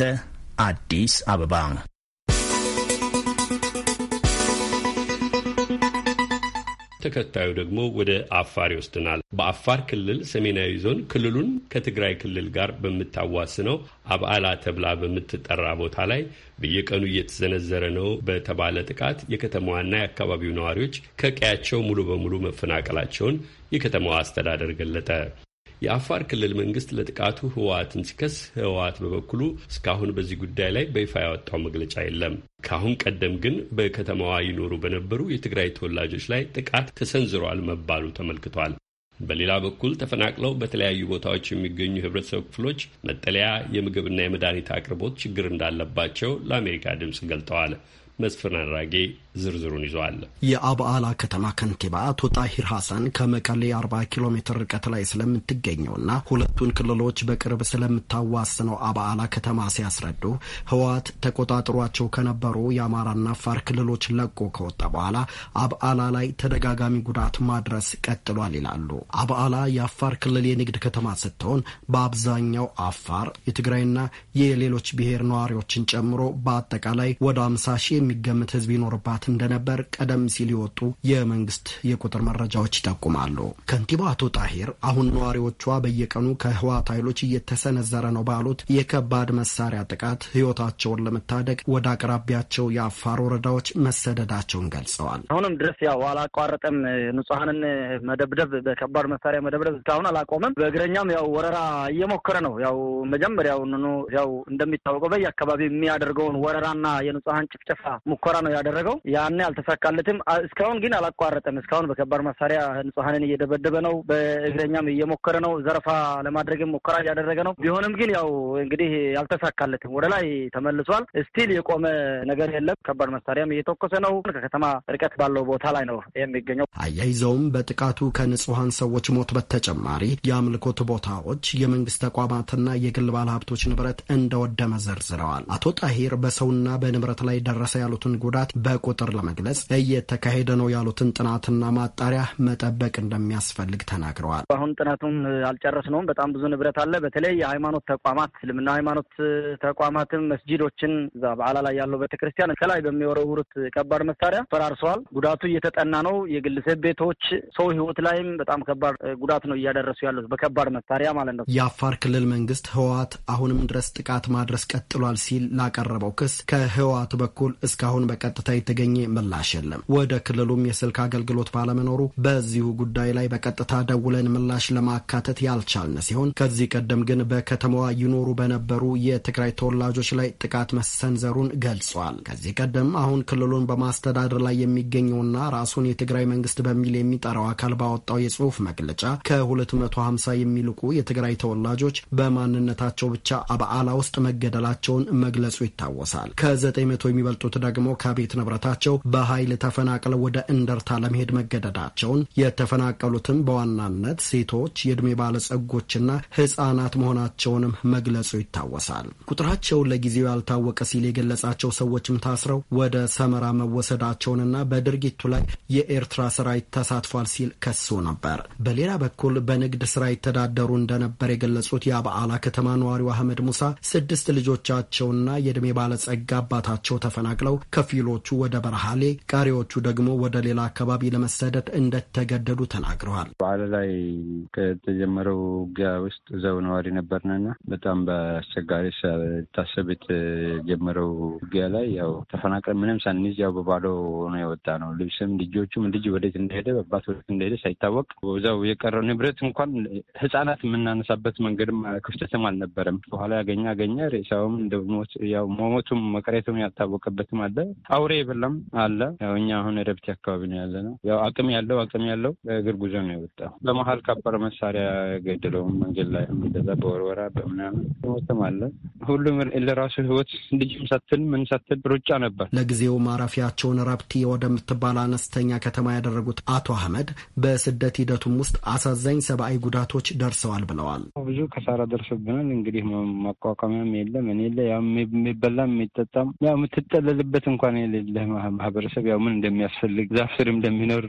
አዲስ አበባ ተከታዩ ደግሞ ወደ አፋር ይወስድናል። በአፋር ክልል ሰሜናዊ ዞን ክልሉን ከትግራይ ክልል ጋር በምታዋስነው አብዓላ ተብላ በምትጠራ ቦታ ላይ በየቀኑ እየተዘነዘረ ነው በተባለ ጥቃት የከተማዋና የአካባቢው ነዋሪዎች ከቀያቸው ሙሉ በሙሉ መፈናቀላቸውን የከተማዋ አስተዳደር ገለጠ። የአፋር ክልል መንግስት ለጥቃቱ ህወሓትን ሲከስ ህወሓት በበኩሉ እስካሁን በዚህ ጉዳይ ላይ በይፋ ያወጣው መግለጫ የለም። ከአሁን ቀደም ግን በከተማዋ ይኖሩ በነበሩ የትግራይ ተወላጆች ላይ ጥቃት ተሰንዝሯል መባሉ ተመልክቷል። በሌላ በኩል ተፈናቅለው በተለያዩ ቦታዎች የሚገኙ የህብረተሰብ ክፍሎች መጠለያ፣ የምግብና የመድኃኒት አቅርቦት ችግር እንዳለባቸው ለአሜሪካ ድምፅ ገልጠዋል። መስፍን አድራጌ ዝርዝሩን ይዟል። የአብዓላ ከተማ ከንቲባ አቶ ጣሂር ሐሰን ከመቀሌ 40 ኪሎ ሜትር ርቀት ላይ ስለምትገኘውና ሁለቱን ክልሎች በቅርብ ስለምታዋስነው አብዓላ ከተማ ሲያስረዱ ህወሓት ተቆጣጥሯቸው ከነበሩ የአማራና አፋር ክልሎች ለቆ ከወጣ በኋላ አብዓላ ላይ ተደጋጋሚ ጉዳት ማድረስ ቀጥሏል ይላሉ። አብዓላ የአፋር ክልል የንግድ ከተማ ስትሆን በአብዛኛው አፋር፣ የትግራይና የሌሎች ብሔር ነዋሪዎችን ጨምሮ በአጠቃላይ ወደ 50 ሺህ የሚገምት ህዝብ ይኖርባት እንደነበር ቀደም ሲል የወጡ የመንግስት የቁጥር መረጃዎች ይጠቁማሉ። ከንቲባ አቶ ጣሄር አሁን ነዋሪዎቿ በየቀኑ ከህወሓት ኃይሎች እየተሰነዘረ ነው ባሉት የከባድ መሳሪያ ጥቃት ህይወታቸውን ለመታደግ ወደ አቅራቢያቸው የአፋር ወረዳዎች መሰደዳቸውን ገልጸዋል። አሁንም ድረስ ያው አላቋረጠም። ንጹሐንን መደብደብ፣ በከባድ መሳሪያ መደብደብ እስካሁን አላቆመም። በእግረኛም ያው ወረራ እየሞከረ ነው። ያው መጀመሪያውኑ ያው እንደሚታወቀው በየአካባቢ የሚያደርገውን ወረራና የንጹሐን ጭፍጨፋ ሙከራ ነው ያደረገው። ያኔ አልተሳካለትም። እስካሁን ግን አላቋረጠም። እስካሁን በከባድ መሳሪያ ንጹሐንን እየደበደበ ነው። በእግረኛም እየሞከረ ነው። ዘረፋ ለማድረግም ሙከራ እያደረገ ነው። ቢሆንም ግን ያው እንግዲህ አልተሳካለትም። ወደ ላይ ተመልሷል። ስቲል የቆመ ነገር የለም። ከባድ መሳሪያም እየተኮሰ ነው። ከከተማ ርቀት ባለው ቦታ ላይ ነው የሚገኘው። አያይዘውም በጥቃቱ ከንጹሐን ሰዎች ሞት በተጨማሪ የአምልኮት ቦታዎች፣ የመንግስት ተቋማትና የግል ባለሀብቶች ንብረት እንደወደመ ዘርዝረዋል። አቶ ጣሂር በሰውና በንብረት ላይ ደረሰ ያሉትን ጉዳት በቁጥር ለመግለጽ እየተካሄደ ነው ያሉትን ጥናትና ማጣሪያ መጠበቅ እንደሚያስፈልግ ተናግረዋል። አሁን ጥናቱን አልጨረስነውም። በጣም ብዙ ንብረት አለ። በተለይ የሃይማኖት ተቋማት እስልምና ሃይማኖት ተቋማትም መስጂዶችን እዛ በዓላ ላይ ያለው ቤተክርስቲያን ከላይ በሚወረውሩት ከባድ መሳሪያ ፈራርሰዋል። ጉዳቱ እየተጠና ነው። የግለሰብ ቤቶች፣ ሰው ህይወት ላይም በጣም ከባድ ጉዳት ነው እያደረሱ ያሉት በከባድ መሳሪያ ማለት ነው። የአፋር ክልል መንግስት ህወሓት አሁንም ድረስ ጥቃት ማድረስ ቀጥሏል ሲል ላቀረበው ክስ ከህወሓት በኩል እስካሁን በቀጥታ የተገኘ ምላሽ የለም። ወደ ክልሉም የስልክ አገልግሎት ባለመኖሩ በዚሁ ጉዳይ ላይ በቀጥታ ደውለን ምላሽ ለማካተት ያልቻልን ሲሆን ከዚህ ቀደም ግን በከተማዋ ይኖሩ በነበሩ የትግራይ ተወላጆች ላይ ጥቃት መሰንዘሩን ገልጿል። ከዚህ ቀደም አሁን ክልሉን በማስተዳደር ላይ የሚገኘውና ራሱን የትግራይ መንግስት በሚል የሚጠራው አካል ባወጣው የጽሁፍ መግለጫ ከ250 የሚልቁ የትግራይ ተወላጆች በማንነታቸው ብቻ አበዓላ ውስጥ መገደላቸውን መግለጹ ይታወሳል። ከ900 የሚበልጡት ደግሞ ከቤት ንብረታቸው በኃይል ተፈናቅለው ወደ እንደርታ ለመሄድ መገደዳቸውን የተፈናቀሉትም በዋናነት ሴቶች፣ የዕድሜ ባለጸጎችና ህጻናት መሆናቸውንም መግለጹ ይታወሳል። ቁጥራቸው ለጊዜው ያልታወቀ ሲል የገለጻቸው ሰዎችም ታስረው ወደ ሰመራ መወሰዳቸውንና በድርጊቱ ላይ የኤርትራ ሰራዊት ተሳትፏል ሲል ከሶ ነበር። በሌላ በኩል በንግድ ስራ ይተዳደሩ እንደነበር የገለጹት የአበዓላ ከተማ ነዋሪው አህመድ ሙሳ ስድስት ልጆቻቸውና የዕድሜ ባለጸጋ አባታቸው ተፈናቅለው ተፈናቅለው ከፊሎቹ ወደ በረሃሌ፣ ቀሪዎቹ ደግሞ ወደ ሌላ አካባቢ ለመሰደድ እንደተገደዱ ተናግረዋል። በኋላ ላይ ከተጀመረው ውጊያ ውስጥ እዛው ነዋሪ ነበርንና በጣም በአስቸጋሪ ታሰብ የተጀመረው ውጊያ ላይ ያው ተፈናቅለን ምንም ሳንይዝ ያው በባዶ ነው የወጣ ነው። ልብስም ልጆቹም ልጅ ወዴት እንደሄደ በአባት ወዴት እንደሄደ ሳይታወቅ እዛው የቀረው ንብረት እንኳን ህጻናት የምናነሳበት መንገድም ክፍተትም አልነበረም። በኋላ ያገኘ አገኘ ሬሳውም ያው መሞቱም መቅሬቱም ያልታወቀበት ማለትም አለ። አውሬ የበላም አለ። ያው እኛ አሁን ረብቴ አካባቢ ነው ያለ ነው። ያው አቅም ያለው አቅም ያለው እግር ጉዞ ነው የወጣው። በመሀል ከባድ መሳሪያ የገደለውም መንገድ ላይ እንደዛ በወርወራ በምናምን ሞትም አለ። ሁሉም ለራሱ ህይወት ልጅም ሳትል ምን ሩጫ ነበር። ለጊዜው ማረፊያቸውን ረብቲ ወደምትባል አነስተኛ ከተማ ያደረጉት አቶ አህመድ በስደት ሂደቱም ውስጥ አሳዛኝ ሰብአዊ ጉዳቶች ደርሰዋል ብለዋል። ብዙ ከሳራ ደርሶብናል። እንግዲህ ማቋቋሚያም የለም እኔ የለ የሚበላም የሚጠጣም ያው የምትጠለል ያለበት እንኳን የሌለ ማህበረሰብ ያው ምን እንደሚያስፈልግ ዛፍ ስር እንደሚኖር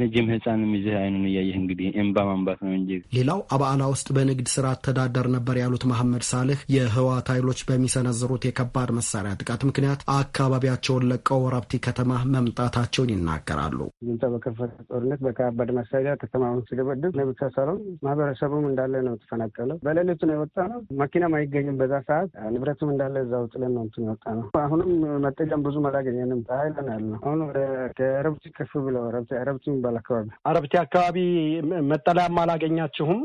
ልጅም ህፃንም ይዘህ አይኑን እያየህ እንግዲህ እምባ ማንባት ነው እንጂ። ሌላው አባአላ ውስጥ በንግድ ስራ አተዳደር ነበር ያሉት መሐመድ ሳልህ የህወሓት ኃይሎች በሚሰነዝሩት የከባድ መሳሪያ ጥቃት ምክንያት አካባቢያቸውን ለቀው ረብቲ ከተማ መምጣታቸውን ይናገራሉ። ጅንታ በከፈተ ጦርነት በከባድ መሳሪያ ከተማውን ስገበድብ ነው ሳይሆን ማህበረሰቡም እንዳለ ነው የተፈናቀለው። በሌሊቱ ነው የወጣ ነው። መኪናም አይገኝም በዛ ሰዓት ንብረቱም እንዳለ እዛው ጥለን ነው የወጣ ነው። አሁንም መጠ ኢትዮጵያን ብዙ አላገኘንም። ፀሐይ ለን ያለ አሁን ወደ ከረብቲ ከፍ ብለው ረብቲ ረብቲ የሚባል አካባቢ አረብቲ አካባቢ መጠለያም አላገኛችሁም?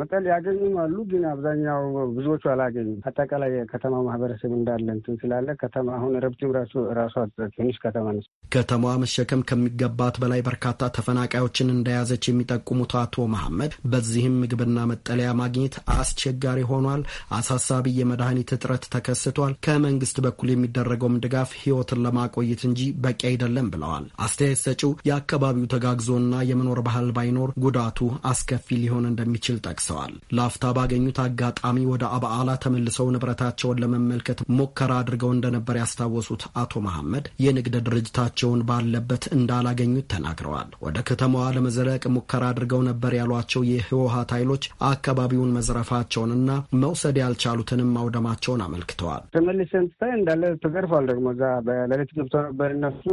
መጠለያ ያገኙም አሉ፣ ግን አብዛኛው ብዙዎቹ አላገኙም። አጠቃላይ የከተማ ማህበረሰብ እንዳለ እንትን ስላለ ከተማ አሁን ረብቲም ራሱ ራሷ ትንሽ ከተማ ነች። ከተማዋ መሸከም ከሚገባት በላይ በርካታ ተፈናቃዮችን እንደያዘች የሚጠቁሙት አቶ መሐመድ በዚህም ምግብና መጠለያ ማግኘት አስቸጋሪ ሆኗል። አሳሳቢ የመድኃኒት እጥረት ተከስቷል። ከመንግስት በኩል የሚደረገውም ድጋፍ ድጋፍ ህይወትን ለማቆየት እንጂ በቂ አይደለም ብለዋል። አስተያየት ሰጪው የአካባቢው ተጋግዞና የመኖር ባህል ባይኖር ጉዳቱ አስከፊ ሊሆን እንደሚችል ጠቅሰዋል። ለአፍታ ባገኙት አጋጣሚ ወደ አበዓላ ተመልሰው ንብረታቸውን ለመመልከት ሙከራ አድርገው እንደነበር ያስታወሱት አቶ መሐመድ የንግድ ድርጅታቸውን ባለበት እንዳላገኙት ተናግረዋል። ወደ ከተማዋ ለመዘለቅ ሙከራ አድርገው ነበር ያሏቸው የህወሀት ኃይሎች አካባቢውን መዝረፋቸውንና መውሰድ ያልቻሉትንም ማውደማቸውን አመልክተዋል። ተመልሰን ስታይ እንዳለ ተዘርፏል። ደግሞ እዛ በሌሊት ገብቶ ነበር። እነሱ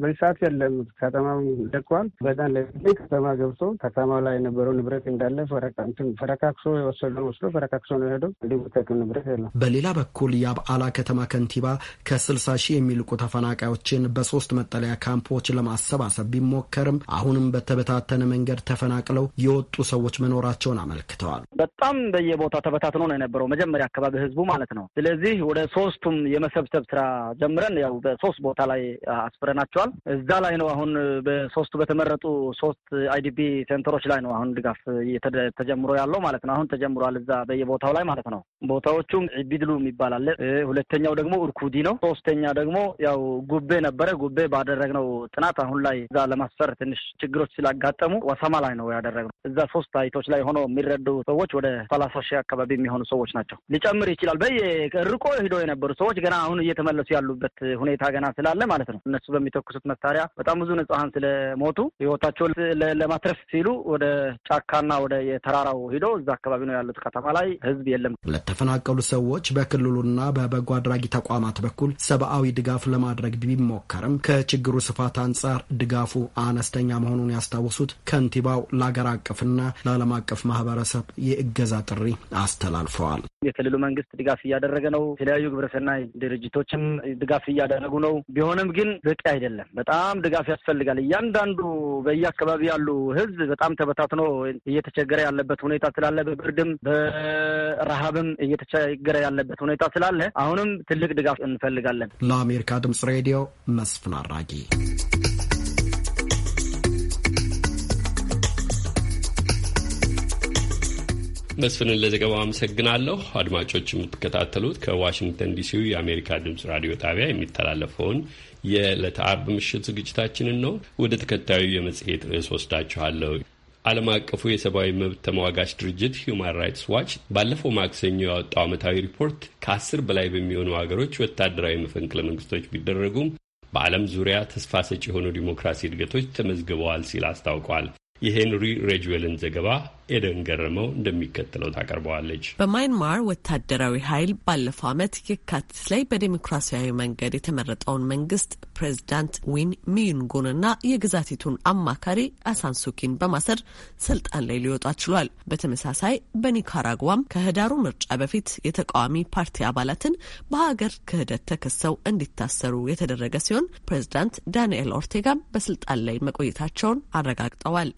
በዚህ ሰዓት የለም፣ ከተማም ደቋል። በጣም ለጊዜ ከተማ ገብቶ ከተማ ላይ የነበረው ንብረት እንዳለ ፈረካክሶ የወሰዱ ወስዶ ፈረካክሶ ነው ሄዶ እንዲህ ንብረት የለም። በሌላ በኩል የአብዓላ ከተማ ከንቲባ ከስልሳ ሺህ የሚልቁ ተፈናቃዮችን በሶስት መጠለያ ካምፖች ለማሰባሰብ ቢሞከርም አሁንም በተበታተነ መንገድ ተፈናቅለው የወጡ ሰዎች መኖራቸውን አመልክተዋል። በጣም በየቦታው ተበታትኖ ነው የነበረው መጀመሪያ አካባቢ ህዝቡ ማለት ነው። ስለዚህ ወደ ሶስቱም የመሰብሰብ ስራ ጀምረን ያው በሶስት ቦታ ላይ አስፍረናቸዋል። እዛ ላይ ነው አሁን በሶስቱ በተመረጡ ሶስት አይዲፒ ሴንተሮች ላይ ነው አሁን ድጋፍ ተጀምሮ ያለው ማለት ነው። አሁን ተጀምሯል እዛ በየቦታው ላይ ማለት ነው። ቦታዎቹም ቢድሉ ይባላል። ሁለተኛው ደግሞ እርኩዲ ነው። ሶስተኛ ደግሞ ያው ጉቤ ነበረ። ጉቤ ባደረግነው ጥናት አሁን ላይ እዛ ለማስፈር ትንሽ ችግሮች ስላጋጠሙ ወሰማ ላይ ነው ያደረግነው። እዛ ሶስት አይቶች ላይ ሆኖ የሚረዱ ሰዎች ወደ ሰላሳ ሺህ አካባቢ የሚሆኑ ሰዎች ናቸው። ሊጨምር ይችላል። በየ ርቆ ሂዶ የነበሩ ሰዎች ገና አሁን እየተመለ እየተመለሱ ያሉበት ሁኔታ ገና ስላለ ማለት ነው። እነሱ በሚተኩሱት መሳሪያ በጣም ብዙ ንጹሐን ስለሞቱ ህይወታቸውን ለማትረፍ ሲሉ ወደ ጫካና ወደ የተራራው ሂዶ እዛ አካባቢ ነው ያሉት። ከተማ ላይ ህዝብ የለም። ለተፈናቀሉ ሰዎች በክልሉና በበጎ አድራጊ ተቋማት በኩል ሰብአዊ ድጋፍ ለማድረግ ቢሞከርም ከችግሩ ስፋት አንጻር ድጋፉ አነስተኛ መሆኑን ያስታወሱት ከንቲባው ለአገር አቀፍና ለዓለም አቀፍ ማህበረሰብ የእገዛ ጥሪ አስተላልፈዋል። የክልሉ መንግስት ድጋፍ እያደረገ ነው። የተለያዩ ግብረሰናይ ድርጅቶች ሌሎችም ድጋፍ እያደረጉ ነው። ቢሆንም ግን በቂ አይደለም። በጣም ድጋፍ ያስፈልጋል። እያንዳንዱ በየአካባቢ ያሉ ህዝብ በጣም ተበታትኖ እየተቸገረ ያለበት ሁኔታ ስላለ በብርድም በረሃብም እየተቸገረ ያለበት ሁኔታ ስላለ አሁንም ትልቅ ድጋፍ እንፈልጋለን። ለአሜሪካ ድምጽ ሬዲዮ መስፍን አራጌ መስፍንን ለዘገባው አመሰግናለሁ። አድማጮች የምትከታተሉት ከዋሽንግተን ዲሲው የአሜሪካ ድምፅ ራዲዮ ጣቢያ የሚተላለፈውን የዕለተ አርብ ምሽት ዝግጅታችንን ነው። ወደ ተከታዩ የመጽሔት ርዕስ ወስዳችኋለሁ። ዓለም አቀፉ የሰብአዊ መብት ተሟጋች ድርጅት ሂውማን ራይትስ ዋች ባለፈው ማክሰኞ ያወጣው ዓመታዊ ሪፖርት ከአስር በላይ በሚሆኑ ሀገሮች ወታደራዊ መፈንቅለ መንግስቶች ቢደረጉም በዓለም ዙሪያ ተስፋ ሰጪ የሆኑ ዲሞክራሲ እድገቶች ተመዝግበዋል ሲል አስታውቋል። የሄንሪ ሬጅዌልን ዘገባ ኤደን ገረመው እንደሚከተለው ታቀርበዋለች። በማይንማር ወታደራዊ ኃይል ባለፈው ዓመት የካቲት ላይ በዴሞክራሲያዊ መንገድ የተመረጠውን መንግስት ፕሬዚዳንት ዊን ሚዩንጉንና የግዛቲቱን አማካሪ አሳንሱኪን በማሰር ስልጣን ላይ ሊወጣ ችሏል። በተመሳሳይ በኒካራጓም ከህዳሩ ምርጫ በፊት የተቃዋሚ ፓርቲ አባላትን በሀገር ክህደት ተከሰው እንዲታሰሩ የተደረገ ሲሆን ፕሬዚዳንት ዳንኤል ኦርቴጋም በስልጣን ላይ መቆየታቸውን አረጋግጠዋል።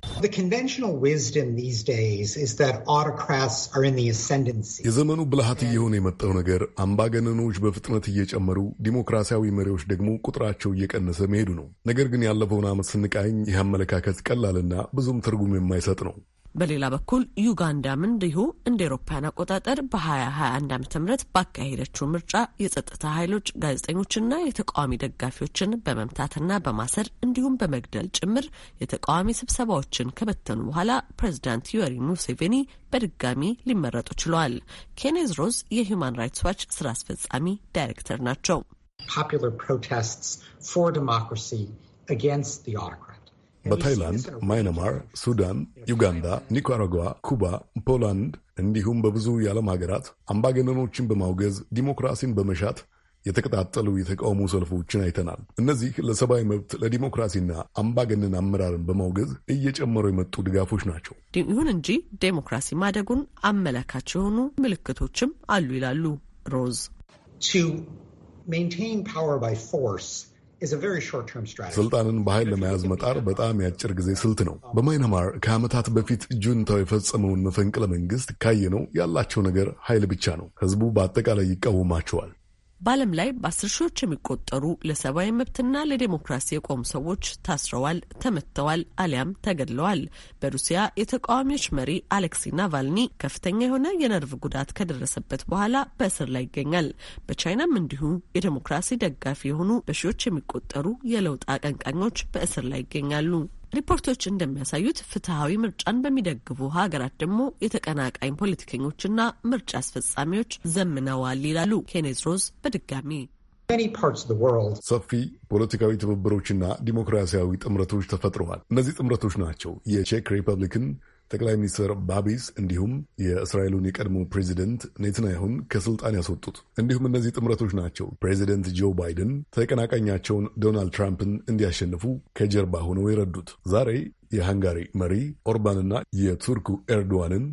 የዘመኑ ብልሃት እየሆነ የመጣው ነገር አምባገነኖች በፍጥነት እየጨመሩ ዲሞክራሲያዊ መሪዎች ደግሞ ቁጥራቸው እየቀነሰ መሄዱ ነው። ነገር ግን ያለፈውን ዓመት ስንቃኝ ይህ አመለካከት ቀላልና ብዙም ትርጉም የማይሰጥ ነው። በሌላ በኩል ዩጋንዳም እንዲሁ እንደ ኤሮፓያን አቆጣጠር በ2021 ዓ.ም ባካሄደችው ምርጫ የጸጥታ ኃይሎች ጋዜጠኞችና የተቃዋሚ ደጋፊዎችን በመምታትና በማሰር እንዲሁም በመግደል ጭምር የተቃዋሚ ስብሰባዎችን ከበተኑ በኋላ ፕሬዚዳንት ዩዌሪ ሙሴቬኒ በድጋሚ ሊመረጡ ችለዋል። ኬኔዝ ሮዝ የሂውማን ራይትስ ዋች ስራ አስፈጻሚ ዳይሬክተር ናቸው። ፖፑላር ፕሮቴስትስ ፎር ዲሞክራሲ አጋንስት በታይላንድ፣ ማይንማር፣ ሱዳን፣ ዩጋንዳ፣ ኒካራጓ፣ ኩባ፣ ፖላንድ እንዲሁም በብዙ የዓለም ሀገራት አምባገነኖችን በማውገዝ ዲሞክራሲን በመሻት የተቀጣጠሉ የተቃውሞ ሰልፎችን አይተናል። እነዚህ ለሰብአዊ መብት ለዲሞክራሲና አምባገነን አመራርን በማውገዝ እየጨመሩ የመጡ ድጋፎች ናቸው። ይሁን እንጂ ዴሞክራሲ ማደጉን አመላካች የሆኑ ምልክቶችም አሉ ይላሉ ሮዝ ስልጣንን በኃይል ለመያዝ መጣር በጣም የአጭር ጊዜ ስልት ነው። በማይናማር ከዓመታት በፊት ጁንታው የፈጸመውን መፈንቅለ መንግስት ካየነው ያላቸው ነገር ኃይል ብቻ ነው። ህዝቡ በአጠቃላይ ይቃወማቸዋል። በዓለም ላይ በአስር ሺዎች የሚቆጠሩ ለሰብአዊ መብትና ለዴሞክራሲ የቆሙ ሰዎች ታስረዋል፣ ተመትተዋል፣ አሊያም ተገድለዋል። በሩሲያ የተቃዋሚዎች መሪ አሌክሲ ናቫልኒ ከፍተኛ የሆነ የነርቭ ጉዳት ከደረሰበት በኋላ በእስር ላይ ይገኛል። በቻይናም እንዲሁ የዴሞክራሲ ደጋፊ የሆኑ በሺዎች የሚቆጠሩ የለውጥ አቀንቃኞች በእስር ላይ ይገኛሉ። ሪፖርቶች እንደሚያሳዩት ፍትሐዊ ምርጫን በሚደግፉ ሀገራት ደግሞ የተቀናቃኝ ፖለቲከኞችና ምርጫ አስፈጻሚዎች ዘምነዋል ይላሉ። ኬኔዝ ሮዝ በድጋሚ ሰፊ ፖለቲካዊ ትብብሮችና ዲሞክራሲያዊ ጥምረቶች ተፈጥረዋል። እነዚህ ጥምረቶች ናቸው የቼክ ሪፐብሊክን ጠቅላይ ሚኒስትር ባቢስ እንዲሁም የእስራኤሉን የቀድሞ ፕሬዚደንት ኔትንያሁን ከስልጣን ያስወጡት። እንዲሁም እነዚህ ጥምረቶች ናቸው ፕሬዚደንት ጆ ባይደን ተቀናቃኛቸውን ዶናልድ ትራምፕን እንዲያሸንፉ ከጀርባ ሆነው የረዱት። ዛሬ የሃንጋሪ መሪ ኦርባንና የቱርኩ ኤርዶዋንን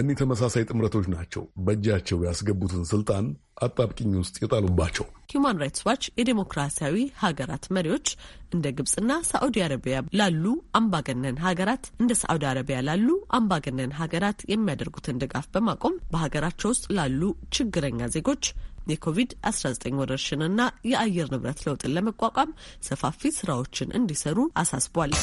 እኒህ ተመሳሳይ ጥምረቶች ናቸው በእጃቸው ያስገቡትን ስልጣን አጣብቂኝ ውስጥ የጣሉባቸው። ሂውማን ራይትስ ዋች የዴሞክራሲያዊ ሀገራት መሪዎች እንደ ግብፅና ሳዑዲ አረቢያ ላሉ አምባገነን ሀገራት እንደ ሳዑዲ አረቢያ ላሉ አምባገነን ሀገራት የሚያደርጉትን ድጋፍ በማቆም በሀገራቸው ውስጥ ላሉ ችግረኛ ዜጎች የኮቪድ-19 ወረርሽንና የአየር ንብረት ለውጥን ለመቋቋም ሰፋፊ ስራዎችን እንዲሰሩ አሳስቧል።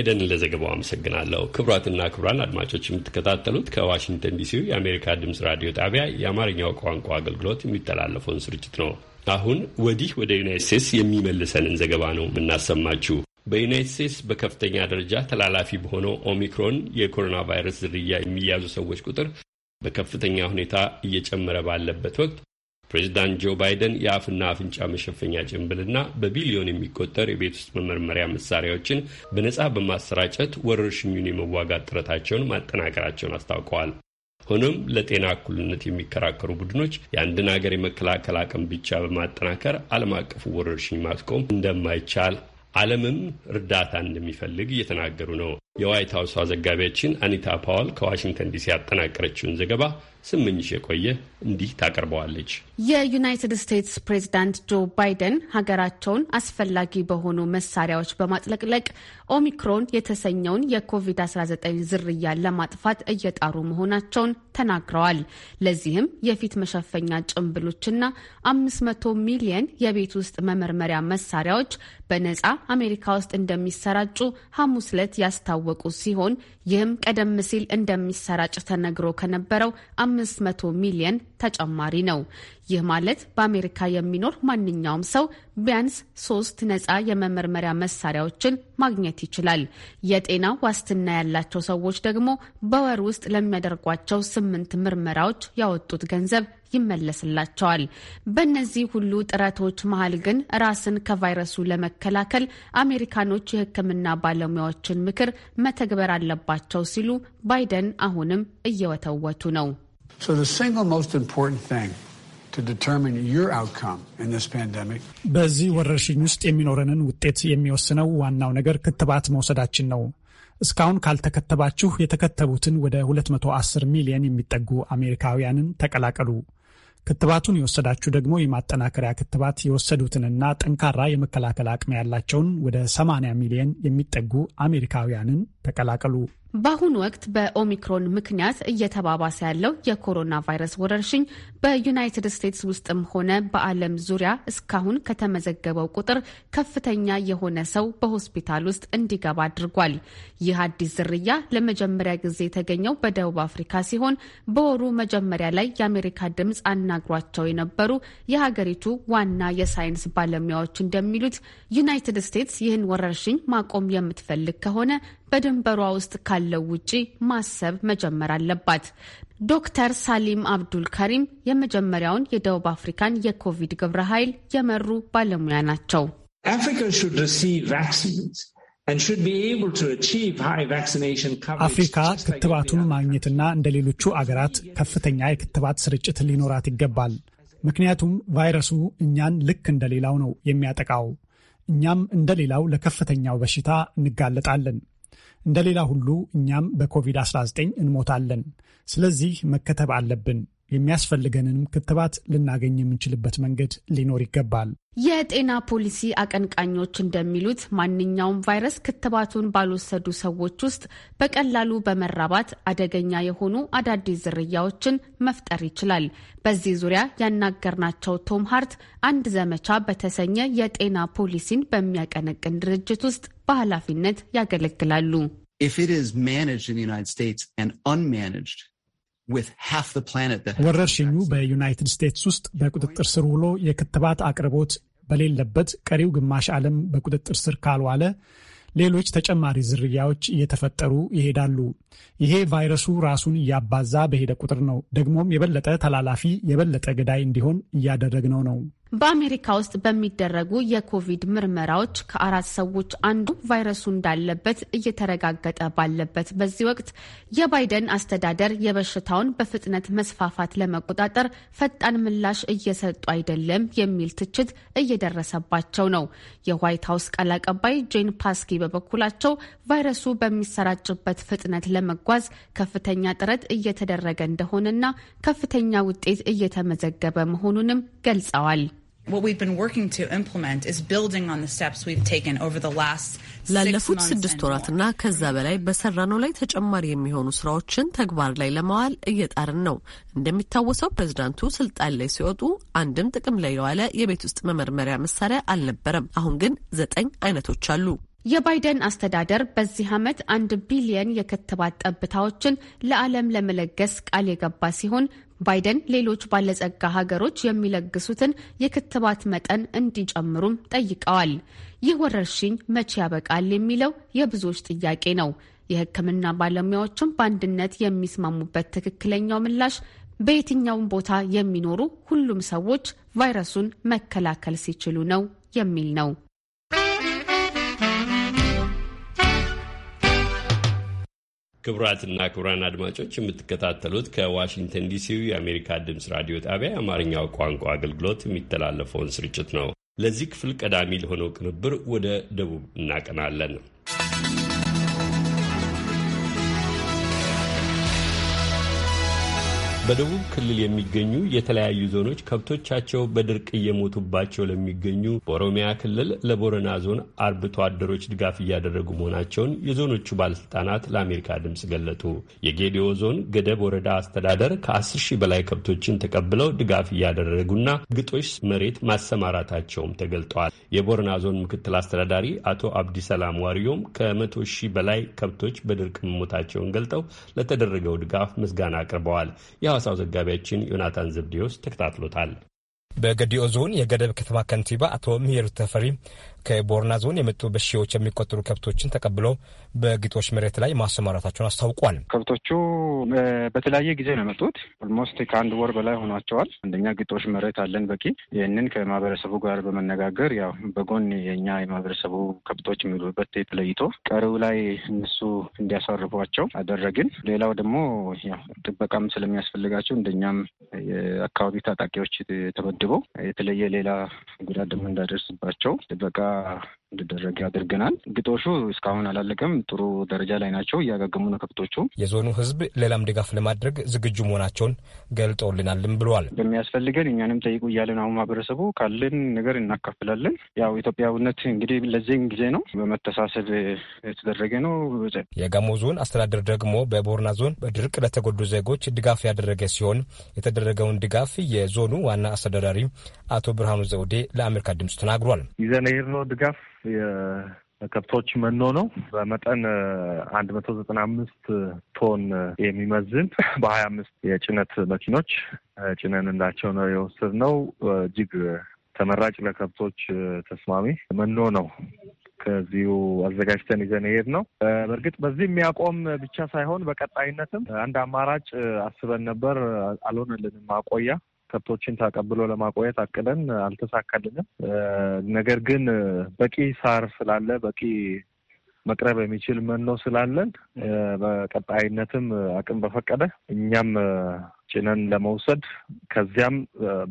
ኤደን ለዘገባው አመሰግናለሁ። ክቡራትና ክቡራን አድማጮች የምትከታተሉት ከዋሽንግተን ዲሲ የአሜሪካ ድምፅ ራዲዮ ጣቢያ የአማርኛው ቋንቋ አገልግሎት የሚተላለፈውን ስርጭት ነው። አሁን ወዲህ ወደ ዩናይት ስቴትስ የሚመልሰንን ዘገባ ነው የምናሰማችሁ። በዩናይት ስቴትስ በከፍተኛ ደረጃ ተላላፊ በሆነው ኦሚክሮን የኮሮና ቫይረስ ዝርያ የሚያዙ ሰዎች ቁጥር በከፍተኛ ሁኔታ እየጨመረ ባለበት ወቅት ፕሬዚዳንት ጆ ባይደን የአፍና አፍንጫ መሸፈኛ ጭንብልና በቢሊዮን የሚቆጠር የቤት ውስጥ መመርመሪያ መሳሪያዎችን በነጻ በማሰራጨት ወረርሽኙን የመዋጋት ጥረታቸውን ማጠናከራቸውን አስታውቀዋል። ሆኖም ለጤና እኩልነት የሚከራከሩ ቡድኖች የአንድን ሀገር የመከላከል አቅም ብቻ በማጠናከር ዓለም አቀፉ ወረርሽኝ ማስቆም እንደማይቻል ዓለምም እርዳታ እንደሚፈልግ እየተናገሩ ነው። የዋይት ሀውስ ዘጋቢያችን አኒታ ፓዋል ከዋሽንግተን ዲሲ ያጠናቀረችውን ዘገባ ስምኝሽ የቆየ እንዲህ ታቀርበዋለች። የዩናይትድ ስቴትስ ፕሬዝዳንት ጆ ባይደን ሀገራቸውን አስፈላጊ በሆኑ መሳሪያዎች በማጥለቅለቅ ኦሚክሮን የተሰኘውን የኮቪድ-19 ዝርያ ለማጥፋት እየጣሩ መሆናቸውን ተናግረዋል። ለዚህም የፊት መሸፈኛ ጭንብሎችና 500 ሚሊየን የቤት ውስጥ መመርመሪያ መሳሪያዎች በነጻ አሜሪካ ውስጥ እንደሚሰራጩ ሐሙስ ዕለት ያስታወቁ ሲሆን ይህም ቀደም ሲል እንደሚሰራጭ ተነግሮ ከነበረው 500 ሚሊየን ተጨማሪ ነው። ይህ ማለት በአሜሪካ የሚኖር ማንኛውም ሰው ቢያንስ ሶስት ነጻ የመመርመሪያ መሳሪያዎችን ማግኘት ይችላል። የጤና ዋስትና ያላቸው ሰዎች ደግሞ በወር ውስጥ ለሚያደርጓቸው ስምንት ምርመራዎች ያወጡት ገንዘብ ይመለስላቸዋል። በእነዚህ ሁሉ ጥረቶች መሀል ግን ራስን ከቫይረሱ ለመከላከል አሜሪካኖች የሕክምና ባለሙያዎችን ምክር መተግበር አለባቸው ሲሉ ባይደን አሁንም እየወተወቱ ነው። በዚህ ወረርሽኝ ውስጥ የሚኖረንን ውጤት የሚወስነው ዋናው ነገር ክትባት መውሰዳችን ነው። እስካሁን ካልተከተባችሁ የተከተቡትን ወደ 210 ሚሊዮን የሚጠጉ አሜሪካውያንን ተቀላቀሉ። ክትባቱን የወሰዳችሁ ደግሞ የማጠናከሪያ ክትባት የወሰዱትንና ጠንካራ የመከላከል አቅም ያላቸውን ወደ 80 ሚሊዮን የሚጠጉ አሜሪካውያንን ተቀላቀሉ። በአሁኑ ወቅት በኦሚክሮን ምክንያት እየተባባሰ ያለው የኮሮና ቫይረስ ወረርሽኝ በዩናይትድ ስቴትስ ውስጥም ሆነ በዓለም ዙሪያ እስካሁን ከተመዘገበው ቁጥር ከፍተኛ የሆነ ሰው በሆስፒታል ውስጥ እንዲገባ አድርጓል። ይህ አዲስ ዝርያ ለመጀመሪያ ጊዜ የተገኘው በደቡብ አፍሪካ ሲሆን በወሩ መጀመሪያ ላይ የአሜሪካ ድምፅ አናግሯቸው የነበሩ የሀገሪቱ ዋና የሳይንስ ባለሙያዎች እንደሚሉት ዩናይትድ ስቴትስ ይህን ወረርሽኝ ማቆም የምትፈልግ ከሆነ በድንበሯ ውስጥ ካለው ውጪ ማሰብ መጀመር አለባት። ዶክተር ሳሊም አብዱል ከሪም የመጀመሪያውን የደቡብ አፍሪካን የኮቪድ ግብረ ኃይል የመሩ ባለሙያ ናቸው። አፍሪካ ክትባቱን ማግኘትና እንደ ሌሎቹ አገራት ከፍተኛ የክትባት ስርጭት ሊኖራት ይገባል። ምክንያቱም ቫይረሱ እኛን ልክ እንደሌላው ነው የሚያጠቃው። እኛም እንደሌላው ለከፍተኛው በሽታ እንጋለጣለን። እንደሌላ ሁሉ እኛም በኮቪድ-19 እንሞታለን። ስለዚህ መከተብ አለብን። የሚያስፈልገንንም ክትባት ልናገኝ የምንችልበት መንገድ ሊኖር ይገባል። የጤና ፖሊሲ አቀንቃኞች እንደሚሉት ማንኛውም ቫይረስ ክትባቱን ባልወሰዱ ሰዎች ውስጥ በቀላሉ በመራባት አደገኛ የሆኑ አዳዲስ ዝርያዎችን መፍጠር ይችላል። በዚህ ዙሪያ ያናገርናቸው ቶም ሃርት አንድ ዘመቻ በተሰኘ የጤና ፖሊሲን በሚያቀነቅን ድርጅት ውስጥ በኃላፊነት ያገለግላሉ። If it is managed in the United States and unmanaged, ወረርሽኙ በዩናይትድ ስቴትስ ውስጥ በቁጥጥር ስር ውሎ የክትባት አቅርቦት በሌለበት ቀሪው ግማሽ ዓለም በቁጥጥር ስር ካልዋለ ሌሎች ተጨማሪ ዝርያዎች እየተፈጠሩ ይሄዳሉ። ይሄ ቫይረሱ ራሱን እያባዛ በሄደ ቁጥር ነው። ደግሞም የበለጠ ተላላፊ፣ የበለጠ ገዳይ እንዲሆን እያደረግነው ነው። በአሜሪካ ውስጥ በሚደረጉ የኮቪድ ምርመራዎች ከአራት ሰዎች አንዱ ቫይረሱ እንዳለበት እየተረጋገጠ ባለበት በዚህ ወቅት የባይደን አስተዳደር የበሽታውን በፍጥነት መስፋፋት ለመቆጣጠር ፈጣን ምላሽ እየሰጡ አይደለም የሚል ትችት እየደረሰባቸው ነው። የዋይት ሀውስ ቃል አቀባይ ጄን ፓስኪ በበኩላቸው ቫይረሱ በሚሰራጭበት ፍጥነት ለመጓዝ ከፍተኛ ጥረት እየተደረገ እንደሆነና ከፍተኛ ውጤት እየተመዘገበ መሆኑንም ገልጸዋል። ላለፉት ስድስት ወራትና ከዛ በላይ በሰራነው ላይ ተጨማሪ የሚሆኑ ስራዎችን ተግባር ላይ ለማዋል እየጣርን ነው። እንደሚታወሰው ፕሬዝዳንቱ ስልጣን ላይ ሲወጡ አንድም ጥቅም ላይ የዋለ የቤት ውስጥ መመርመሪያ መሳሪያ አልነበረም። አሁን ግን ዘጠኝ አይነቶች አሉ። የባይደን አስተዳደር በዚህ ዓመት አንድ ቢሊየን የክትባት ጠብታዎችን ለዓለም ለመለገስ ቃል የገባ ሲሆን ባይደን ሌሎች ባለጸጋ ሀገሮች የሚለግሱትን የክትባት መጠን እንዲጨምሩም ጠይቀዋል። ይህ ወረርሽኝ መቼ ያበቃል የሚለው የብዙዎች ጥያቄ ነው። የሕክምና ባለሙያዎችም በአንድነት የሚስማሙበት ትክክለኛው ምላሽ በየትኛውም ቦታ የሚኖሩ ሁሉም ሰዎች ቫይረሱን መከላከል ሲችሉ ነው የሚል ነው። ክቡራትና ክቡራን አድማጮች የምትከታተሉት ከዋሽንግተን ዲሲው የአሜሪካ ድምፅ ራዲዮ ጣቢያ የአማርኛው ቋንቋ አገልግሎት የሚተላለፈውን ስርጭት ነው። ለዚህ ክፍል ቀዳሚ ለሆነው ቅንብር ወደ ደቡብ እናቀናለን። በደቡብ ክልል የሚገኙ የተለያዩ ዞኖች ከብቶቻቸው በድርቅ እየሞቱባቸው ለሚገኙ በኦሮሚያ ክልል ለቦረና ዞን አርብቶ አደሮች ድጋፍ እያደረጉ መሆናቸውን የዞኖቹ ባለስልጣናት ለአሜሪካ ድምፅ ገለጡ። የጌዲዮ ዞን ገደብ ወረዳ አስተዳደር ከ10 ሺህ በላይ ከብቶችን ተቀብለው ድጋፍ እያደረጉና ግጦሽ መሬት ማሰማራታቸውም ተገልጠዋል። የቦረና ዞን ምክትል አስተዳዳሪ አቶ አብዲሰላም ዋሪዮም ከመቶ ሺህ በላይ ከብቶች በድርቅ መሞታቸውን ገልጠው ለተደረገው ድጋፍ ምስጋና አቅርበዋል። የሐዋሳው ዘጋቢያችን ዮናታን ዘብዲዮስ ተከታትሎታል። በገዲኦ ዞን የገደብ ከተማ ከንቲባ አቶ ምህሩ ተፈሪ ከቦርና ዞን የመጡ በሺዎች የሚቆጠሩ ከብቶችን ተቀብሎ በግጦሽ መሬት ላይ ማሰማራታቸውን አስታውቋል። ከብቶቹ በተለያየ ጊዜ ነው የመጡት። ኦልሞስት ከአንድ ወር በላይ ሆኗቸዋል። አንደኛ ግጦሽ መሬት አለን በቂ። ይህንን ከማህበረሰቡ ጋር በመነጋገር ያው በጎን የኛ የማህበረሰቡ ከብቶች የሚሉበት ተለይቶ ቀሪው ላይ እነሱ እንዲያሳርፏቸው አደረግን። ሌላው ደግሞ ጥበቃም ስለሚያስፈልጋቸው እንደኛም የአካባቢ ታጣቂዎች ተመድበው የተለየ ሌላ ጉዳት ደግሞ እንዳደርስባቸው። ጥበቃ እንዲደረግ ያደርገናል። ግጦሹ እስካሁን አላለቀም። ጥሩ ደረጃ ላይ ናቸው። እያጋገሙ ነው ከብቶቹ። የዞኑ ህዝብ ሌላም ድጋፍ ለማድረግ ዝግጁ መሆናቸውን ገልጦልናልም ብለዋል። በሚያስፈልገን እኛንም ጠይቁ እያለን አሁን ማህበረሰቡ ካለን ነገር እናካፍላለን። ያው ኢትዮጵያዊነት እንግዲህ ለዚህም ጊዜ ነው። በመተሳሰብ የተደረገ ነው። የጋሞ ዞን አስተዳደር ደግሞ በቦርና ዞን በድርቅ ለተጎዱ ዜጎች ድጋፍ ያደረገ ሲሆን የተደረገውን ድጋፍ የዞኑ ዋና አስተዳዳሪ አቶ ብርሃኑ ዘውዴ ለአሜሪካ ድምፅ ተናግሯል። ይዘን የሄድነው ድጋፍ የከብቶች መኖ ነው። በመጠን አንድ መቶ ዘጠና አምስት ቶን የሚመዝን በሀያ አምስት የጭነት መኪኖች ጭነንላቸው ነው የወሰድነው። እጅግ ተመራጭ ለከብቶች ተስማሚ መኖ ነው። ከዚሁ አዘጋጅተን ይዘን ይሄድ ነው። በእርግጥ በዚህ የሚያቆም ብቻ ሳይሆን በቀጣይነትም አንድ አማራጭ አስበን ነበር፣ አልሆነልንም። ማቆያ ከብቶችን ተቀብሎ ለማቆየት አቅደን አልተሳካልንም። ነገር ግን በቂ ሳር ስላለ በቂ መቅረብ የሚችል መኖ ስላለን በቀጣይነትም አቅም በፈቀደ እኛም ጭነን ለመውሰድ ከዚያም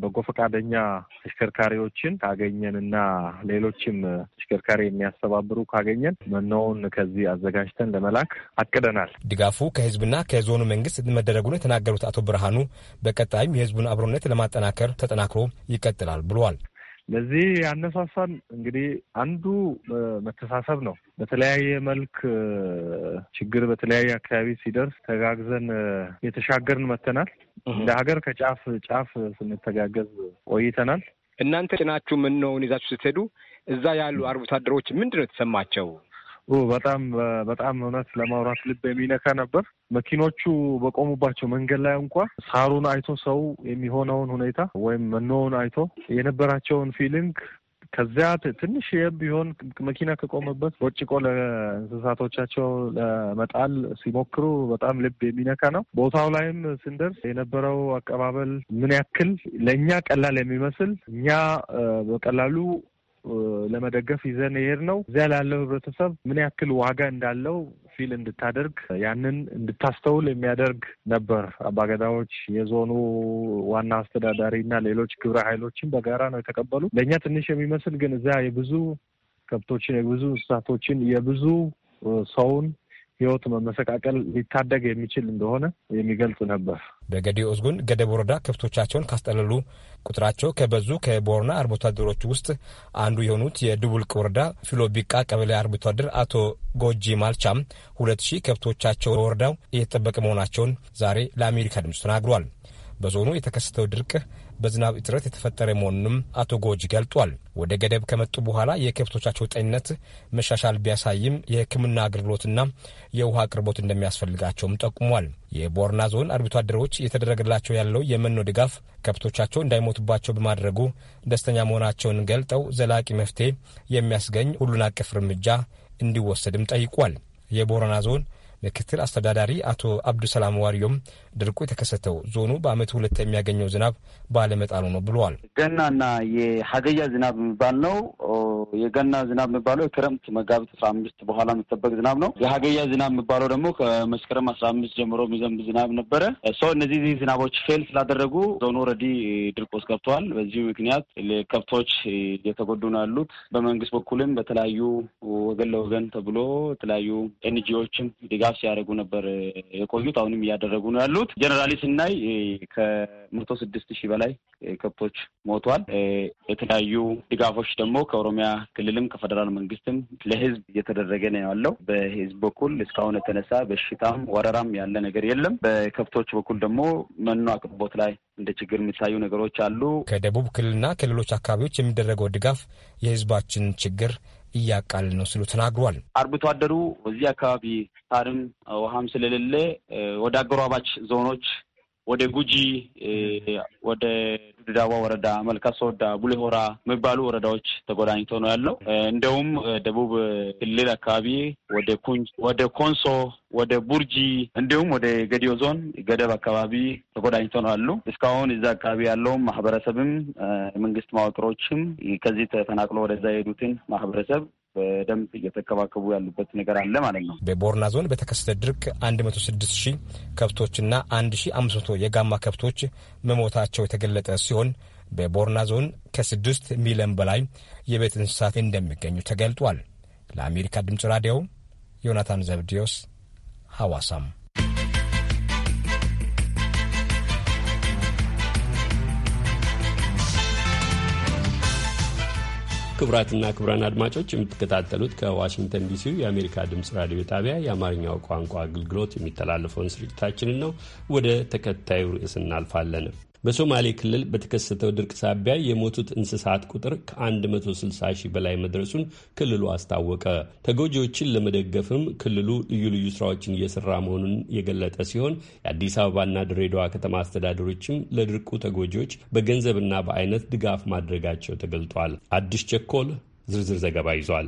በጎ ፈቃደኛ ተሽከርካሪዎችን ካገኘን እና ሌሎችም ተሽከርካሪ የሚያስተባብሩ ካገኘን መኖውን ከዚህ አዘጋጅተን ለመላክ አቅደናል። ድጋፉ ከህዝብና ከዞኑ መንግስት መደረጉን የተናገሩት አቶ ብርሃኑ በቀጣይም የህዝቡን አብሮነት ለማጠናከር ተጠናክሮ ይቀጥላል ብሏል። ለዚህ ያነሳሳን እንግዲህ አንዱ መተሳሰብ ነው። በተለያየ መልክ ችግር በተለያየ አካባቢ ሲደርስ ተጋግዘን የተሻገርን መተናል። እንደ ሀገር ከጫፍ ጫፍ ስንተጋገዝ ቆይተናል። እናንተ ጭናችሁ ነውን ይዛችሁ ስትሄዱ እዛ ያሉ አርብቶ አደሮች ምንድን ነው የተሰማቸው? በጣም በጣም እውነት ለማውራት ልብ የሚነካ ነበር። መኪኖቹ በቆሙባቸው መንገድ ላይ እንኳ ሳሩን አይቶ ሰው የሚሆነውን ሁኔታ ወይም መኖውን አይቶ የነበራቸውን ፊሊንግ ከዚያ ትንሽ ቢሆን መኪና ከቆመበት ወጭቆ ለእንስሳቶቻቸው ለመጣል ሲሞክሩ በጣም ልብ የሚነካ ነው። ቦታው ላይም ስንደርስ የነበረው አቀባበል ምን ያክል ለእኛ ቀላል የሚመስል እኛ በቀላሉ ለመደገፍ ይዘን ነው። እዚያ ላለው ህብረተሰብ ምን ያክል ዋጋ እንዳለው ፊል እንድታደርግ ያንን እንድታስተውል የሚያደርግ ነበር። አባገዳዎች፣ የዞኑ ዋና አስተዳዳሪ እና ሌሎች ግብረ ኃይሎችን በጋራ ነው የተቀበሉ። ለእኛ ትንሽ የሚመስል ግን እዚያ የብዙ ከብቶችን የብዙ እንስሳቶችን የብዙ ሰውን ህይወት መመሰቃቀል ሊታደግ የሚችል እንደሆነ የሚገልጽ ነበር። በጌዴኦ ዞን ገደብ ወረዳ ከብቶቻቸውን ካስጠለሉ ቁጥራቸው ከበዙ ከቦርና አርብቶ አደሮች ውስጥ አንዱ የሆኑት የድቡልቅ ወረዳ ፊሎቢቃ ቀበሌ አርብቶ አደር አቶ ጎጂ ማልቻም ሁለት ሺህ ከብቶቻቸው ወረዳው እየተጠበቀ መሆናቸውን ዛሬ ለአሜሪካ ድምፅ ተናግሯል። በዞኑ የተከሰተው ድርቅ በዝናብ እጥረት የተፈጠረ መሆኑንም አቶ ጎጅ ገልጧል። ወደ ገደብ ከመጡ በኋላ የከብቶቻቸው ጤንነት መሻሻል ቢያሳይም የሕክምና አገልግሎትና የውሃ አቅርቦት እንደሚያስፈልጋቸውም ጠቁሟል። የቦርና ዞን አርብቶ አደሮች እየተደረገላቸው ያለው የመኖ ድጋፍ ከብቶቻቸው እንዳይሞቱባቸው በማድረጉ ደስተኛ መሆናቸውን ገልጠው ዘላቂ መፍትሄ የሚያስገኝ ሁሉን አቀፍ እርምጃ እንዲወሰድም ጠይቋል። የቦረና ዞን ምክትል አስተዳዳሪ አቶ አብዱሰላም ዋርዮም ድርቁ የተከሰተው ዞኑ በአመት ሁለት የሚያገኘው ዝናብ ባለመጣሉ ነው ብለዋል። ገናና የሀገያ ዝናብ የሚባል ነው። የገና ዝናብ የሚባለው የክረምት መጋቢት አስራ አምስት በኋላ የሚጠበቅ ዝናብ ነው። የሀገያ ዝናብ የሚባለው ደግሞ ከመስከረም አስራ አምስት ጀምሮ የሚዘንብ ዝናብ ነበረ። ሰው እነዚህ ዝናቦች ፌል ስላደረጉ ዞኑ ረዲ ድርቅ ውስጥ ገብተዋል። በዚሁ ምክንያት ከብቶች እየተጎዱ ነው ያሉት። በመንግስት በኩልም በተለያዩ ወገን ለወገን ተብሎ የተለያዩ ኤንጂዎችም ድጋፍ ሲያደርጉ ነበር የቆዩት። አሁንም እያደረጉ ነው ያሉት። ያሉት። ጀነራሊ ስናይ ከመቶ ስድስት ሺህ በላይ ከብቶች ሞቷል። የተለያዩ ድጋፎች ደግሞ ከኦሮሚያ ክልልም ከፌደራል መንግስትም ለህዝብ እየተደረገ ነው ያለው። በህዝብ በኩል እስካሁን የተነሳ በሽታም ወረራም ያለ ነገር የለም። በከብቶች በኩል ደግሞ መኖ አቅርቦት ላይ እንደ ችግር የሚታዩ ነገሮች አሉ። ከደቡብ ክልልና ከሌሎች አካባቢዎች የሚደረገው ድጋፍ የህዝባችን ችግር እያቃል ነው ስሉ ተናግሯል። አርብቶ አደሩ እዚህ አካባቢ ሳርም ውሃም ስለሌለ ወደ አጎራባች ዞኖች ወደ ጉጂ፣ ወደ ድዳዋ ወረዳ፣ መልካ ሶወዳ፣ ቡሌሆራ የሚባሉ ወረዳዎች ተጎዳኝቶ ነው ያለው። እንደውም ደቡብ ክልል አካባቢ ወደ ኩንጅ፣ ወደ ኮንሶ፣ ወደ ቡርጂ እንዲሁም ወደ ገዲዮ ዞን ገደብ አካባቢ ተጎዳኝቶ ነው ያሉ። እስካሁን እዛ አካባቢ ያለውም ማህበረሰብም መንግስት መዋቅሮችም ከዚህ ተፈናቅሎ ወደዛ የሄዱትን ማህበረሰብ በደንብ እየተከባከቡ ያሉበት ነገር አለ ማለት ነው። በቦርና ዞን በተከሰተ ድርቅ 106 ሺህ ከብቶችና 1500 የጋማ ከብቶች መሞታቸው የተገለጠ ሲሆን በቦርና ዞን ከስድስት ሚሊዮን በላይ የቤት እንስሳት እንደሚገኙ ተገልጧል። ለአሜሪካ ድምፅ ራዲዮ ዮናታን ዘብዲዮስ ሐዋሳም ክቡራትና ክቡራን አድማጮች የምትከታተሉት ከዋሽንግተን ዲሲው የአሜሪካ ድምፅ ራዲዮ ጣቢያ የአማርኛው ቋንቋ አገልግሎት የሚተላለፈውን ስርጭታችንን ነው። ወደ ተከታዩ ርዕስ እናልፋለን። በሶማሌ ክልል በተከሰተው ድርቅ ሳቢያ የሞቱት እንስሳት ቁጥር ከ160 ሺህ በላይ መድረሱን ክልሉ አስታወቀ። ተጎጂዎችን ለመደገፍም ክልሉ ልዩ ልዩ ስራዎችን እየሰራ መሆኑን የገለጠ ሲሆን የአዲስ አበባና ድሬዳዋ ከተማ አስተዳደሮችም ለድርቁ ተጎጂዎች በገንዘብና በአይነት ድጋፍ ማድረጋቸው ተገልጧል። አዲስ ቸኮል ዝርዝር ዘገባ ይዟል።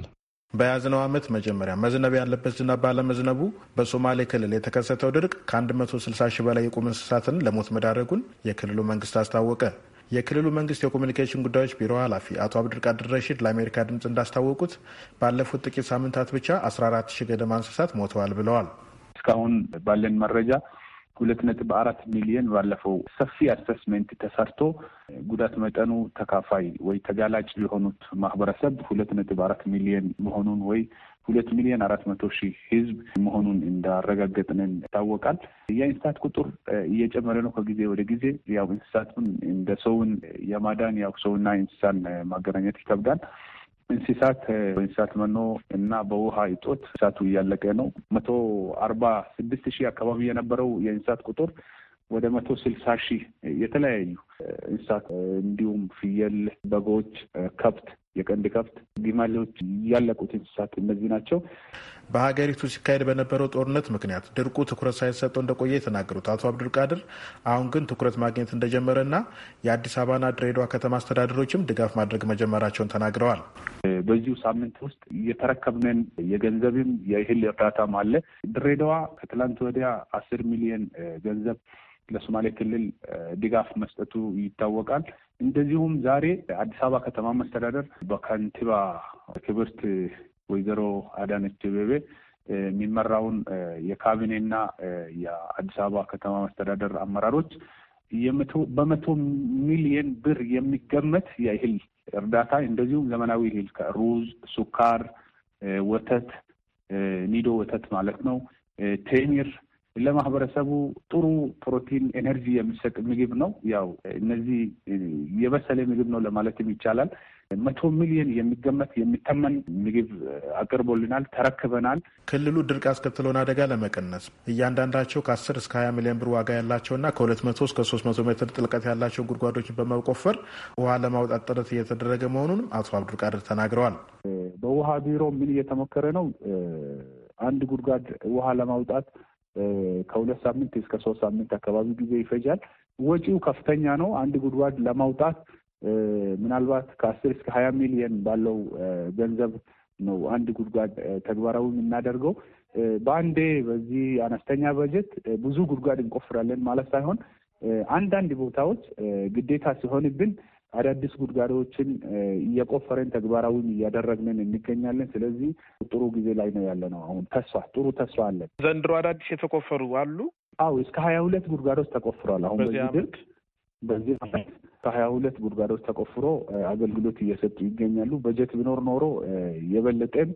በያዝነው ዓመት መጀመሪያ መዝነብ ያለበት ዝናብ ባለመዝነቡ በሶማሌ ክልል የተከሰተው ድርቅ ከ160 ሺህ በላይ የቁም እንስሳትን ለሞት መዳረጉን የክልሉ መንግስት አስታወቀ። የክልሉ መንግስት የኮሚኒኬሽን ጉዳዮች ቢሮ ኃላፊ አቶ አብድርቃድር ረሺድ ለአሜሪካ ድምፅ እንዳስታወቁት ባለፉት ጥቂት ሳምንታት ብቻ 14 ሺህ ገደማ እንስሳት ሞተዋል ብለዋል። እስካሁን ባለን መረጃ ሁለት ነጥብ አራት ሚሊዮን ባለፈው ሰፊ አሰስሜንት ተሰርቶ ጉዳት መጠኑ ተካፋይ ወይ ተጋላጭ የሆኑት ማህበረሰብ ሁለት ነጥብ አራት ሚሊዮን መሆኑን ወይ ሁለት ሚሊዮን አራት መቶ ሺህ ህዝብ መሆኑን እንዳረጋገጥንን ይታወቃል። የእንስሳት ቁጥር እየጨመረ ነው ከጊዜ ወደ ጊዜ። ያው እንስሳቱን እንደ ሰውን የማዳን ያው ሰውና እንስሳን ማገናኘት ይከብዳል። እንስሳት እንስሳት መኖ እና በውሃ እጦት እንስሳቱ እያለቀ ነው። መቶ አርባ ስድስት ሺህ አካባቢ የነበረው የእንስሳት ቁጥር ወደ መቶ ስልሳ ሺህ የተለያዩ እንስሳት እንዲሁም ፍየል፣ በጎች፣ ከብት የቀንድ ከብት ግመሎች ያለቁት እንስሳት እነዚህ ናቸው። በሀገሪቱ ሲካሄድ በነበረው ጦርነት ምክንያት ድርቁ ትኩረት ሳይሰጠው እንደቆየ የተናገሩት አቶ አብዱልቃድር አሁን ግን ትኩረት ማግኘት እንደጀመረና የአዲስ አበባና ድሬዳዋ ከተማ አስተዳደሮችም ድጋፍ ማድረግ መጀመራቸውን ተናግረዋል። በዚሁ ሳምንት ውስጥ የተረከብነን የገንዘብም የእህል እርዳታም አለ። ድሬዳዋ ከትላንት ወዲያ አስር ሚሊዮን ገንዘብ ለሶማሌ ክልል ድጋፍ መስጠቱ ይታወቃል። እንደዚሁም ዛሬ አዲስ አበባ ከተማ መስተዳደር በከንቲባ ክብርት ወይዘሮ አዳነች አቤቤ የሚመራውን የካቢኔና የአዲስ አበባ ከተማ መስተዳደር አመራሮች በመቶ ሚሊየን ብር የሚገመት የእህል እርዳታ እንደዚሁም ዘመናዊ እህል ሩዝ፣ ሱካር፣ ወተት ኒዶ ወተት ማለት ነው፣ ቴኒር ለማህበረሰቡ ጥሩ ፕሮቲን፣ ኤነርጂ የሚሰጥ ምግብ ነው። ያው እነዚህ የበሰለ ምግብ ነው ለማለትም ይቻላል። መቶ ሚሊዮን የሚገመት የሚተመን ምግብ አቅርቦልናል፣ ተረክበናል። ክልሉ ድርቅ ያስከትለውን አደጋ ለመቀነስ እያንዳንዳቸው ከአስር እስከ ሀያ ሚሊዮን ብር ዋጋ ያላቸውና ከሁለት መቶ እስከ ሶስት መቶ ሜትር ጥልቀት ያላቸው ጉድጓዶችን በመቆፈር ውሃ ለማውጣት ጥረት እየተደረገ መሆኑንም አቶ አብዱልቃድር ተናግረዋል። በውሃ ቢሮ ምን እየተሞከረ ነው? አንድ ጉድጓድ ውሃ ለማውጣት ከሁለት ሳምንት እስከ ሶስት ሳምንት አካባቢ ጊዜ ይፈጃል። ወጪው ከፍተኛ ነው። አንድ ጉድጓድ ለማውጣት ምናልባት ከአስር እስከ ሀያ ሚሊየን ባለው ገንዘብ ነው አንድ ጉድጓድ ተግባራዊ የምናደርገው። በአንዴ በዚህ አነስተኛ በጀት ብዙ ጉድጓድ እንቆፍራለን ማለት ሳይሆን አንዳንድ ቦታዎች ግዴታ ሲሆንብን አዳዲስ ጉድጓዶችን እየቆፈረን ተግባራዊም እያደረግንን እንገኛለን። ስለዚህ ጥሩ ጊዜ ላይ ነው ያለ ነው። አሁን ተስፋ ጥሩ ተስፋ አለን። ዘንድሮ አዳዲስ የተቆፈሩ አሉ። አዎ እስከ ሀያ ሁለት ጉድጓዶች ተቆፍሯል። አሁን በዚህ ድርቅ በዚህ ዓመት ከሀያ ሁለት ጉድጓዶች ተቆፍሮ አገልግሎት እየሰጡ ይገኛሉ። በጀት ቢኖር ኖሮ የበለጠን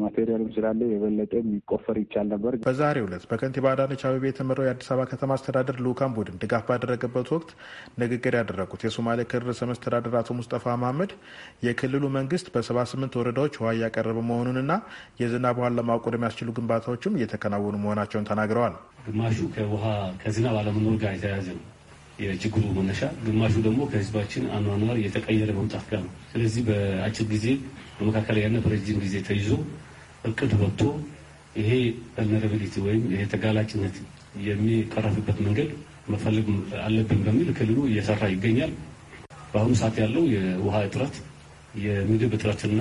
ማቴሪያልም ስላለ የበለጠ የሚቆፈር ይቻል ነበር። በዛሬው ዕለት በከንቲባ አዳነች አቤቤ የተመራው የአዲስ አበባ ከተማ አስተዳደር ልዑካን ቡድን ድጋፍ ባደረገበት ወቅት ንግግር ያደረጉት የሶማሌ ክልል ርዕሰ መስተዳደር አቶ ሙስጠፋ መሀመድ የክልሉ መንግስት በሰባ ስምንት ወረዳዎች ውሃ እያቀረበ መሆኑንና የዝናብ ውሃን ለማቆር የሚያስችሉ ግንባታዎችም እየተከናወኑ መሆናቸውን ተናግረዋል። ግማሹ ከውሃ ከዝናብ አለመኖር ጋር የተያያዘ ነው። የችግሩ መነሻ፣ ግማሹ ደግሞ ከህዝባችን አኗኗር የተቀየረ መምጣት ጋር ነው። ስለዚህ በአጭር ጊዜ በመካከለኛና በረጅም ጊዜ ተይዞ እቅድ ወጥቶ ይሄ ቨልነራቢሊቲ ወይም ይሄ ተጋላጭነት የሚቀረፍበት መንገድ መፈለግ አለብን በሚል ክልሉ እየሰራ ይገኛል። በአሁኑ ሰዓት ያለው የውሃ እጥረት፣ የምግብ እጥረትና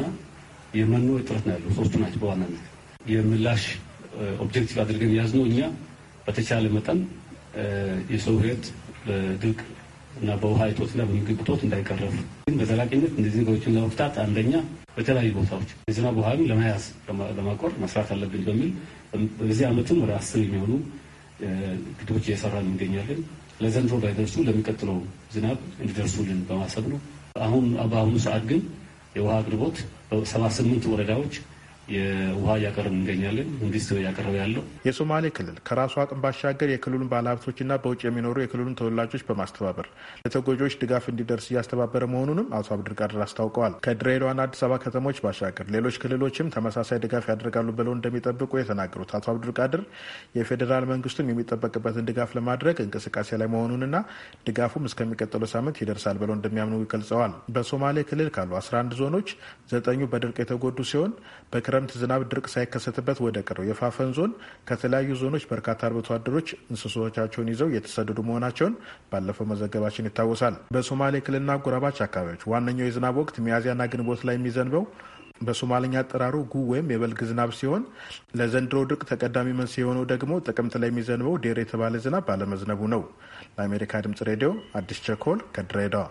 የመኖ እጥረት ነው ያለው። ሶስቱ ናቸው በዋናነት የምላሽ ኦብጀክቲቭ አድርገን ነው እኛ በተቻለ መጠን የሰው ህይወት በድርቅ እና በውሃ እጦትና በምግብ እጦት እንዳይቀረፉ ግን በዘላቂነት እነዚህ ነገሮችን ለመፍታት አንደኛ በተለያዩ ቦታዎች የዝናብ ውሃን ለመያዝ ለማቆር መስራት አለብን በሚል በዚህ ዓመትም ወደ አስር የሚሆኑ ግድቦች እየሰራን እንገኛለን። ለዘንድሮ ባይደርሱ ለሚቀጥለው ዝናብ እንዲደርሱልን በማሰብ ነው። አሁን በአሁኑ ሰዓት ግን የውሃ አቅርቦት በሰባ ስምንት ወረዳዎች የውሃ እያቀረብ እንገኛለን። መንግስት እያቀረበ ያለው የሶማሌ ክልል ከራሱ አቅም ባሻገር የክልሉን ባለሀብቶችና በውጭ የሚኖሩ የክልሉን ተወላጆች በማስተባበር ለተጎጂዎች ድጋፍ እንዲደርስ እያስተባበረ መሆኑንም አቶ አብድርቃድር አስታውቀዋል። ከድሬዳዋና አዲስ አበባ ከተሞች ባሻገር ሌሎች ክልሎችም ተመሳሳይ ድጋፍ ያደርጋሉ ብለው እንደሚጠብቁ የተናገሩት አቶ አብድርቃድር የፌዴራል መንግስቱም የሚጠበቅበትን ድጋፍ ለማድረግ እንቅስቃሴ ላይ መሆኑንና ድጋፉም እስከሚቀጥለው ሳምንት ይደርሳል ብለው እንደሚያምኑ ገልጸዋል። በሶማሌ ክልል ካሉ 11 ዞኖች ዘጠኙ በድርቅ የተጎዱ ሲሆን በክረ የክረምት ዝናብ ድርቅ ሳይከሰትበት ወደ ቀረው የፋፈን ዞን ከተለያዩ ዞኖች በርካታ አርብቶ አደሮች እንስሶቻቸውን ይዘው የተሰደዱ መሆናቸውን ባለፈው መዘገባችን ይታወሳል። በሶማሌ ክልልና አጎራባች አካባቢዎች ዋነኛው የዝናብ ወቅት ሚያዝያና ግንቦት ላይ የሚዘንበው በሶማለኛ አጠራሩ ጉ ወይም የበልግ ዝናብ ሲሆን ለዘንድሮ ድርቅ ተቀዳሚ መንስኤ የሆነው ደግሞ ጥቅምት ላይ የሚዘንበው ዴር የተባለ ዝናብ ባለመዝነቡ ነው። ለአሜሪካ ድምጽ ሬዲዮ አዲስ ቸኮል ከድሬዳዋ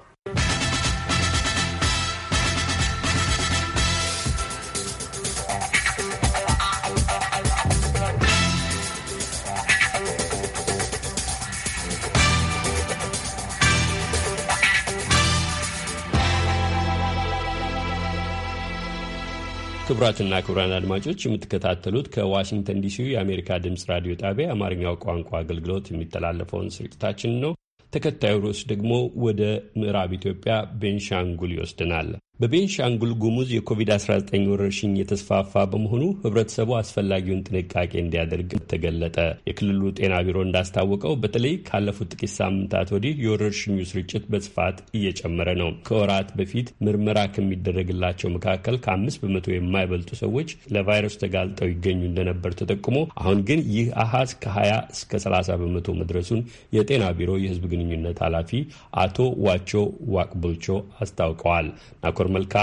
ክቡራትና ክቡራን አድማጮች የምትከታተሉት ከዋሽንግተን ዲሲ የአሜሪካ ድምፅ ራዲዮ ጣቢያ የአማርኛው ቋንቋ አገልግሎት የሚተላለፈውን ስርጭታችን ነው። ተከታዩ ርዕስ ደግሞ ወደ ምዕራብ ኢትዮጵያ ቤንሻንጉል ይወስደናል። በቤንሻንጉል ጉሙዝ የኮቪድ-19 ወረርሽኝ የተስፋፋ በመሆኑ ህብረተሰቡ አስፈላጊውን ጥንቃቄ እንዲያደርግ ተገለጠ። የክልሉ ጤና ቢሮ እንዳስታወቀው በተለይ ካለፉት ጥቂት ሳምንታት ወዲህ የወረርሽኙ ስርጭት በስፋት እየጨመረ ነው። ከወራት በፊት ምርመራ ከሚደረግላቸው መካከል ከአምስት በመቶ የማይበልጡ ሰዎች ለቫይረሱ ተጋልጠው ይገኙ እንደነበር ተጠቁሞ አሁን ግን ይህ አሃዝ ከ20 እስከ 30 በመቶ መድረሱን የጤና ቢሮ የህዝብ ግንኙነት ኃላፊ አቶ ዋቾ ዋቅቡልቾ አስታውቀዋል። ጃዕፈር መልካ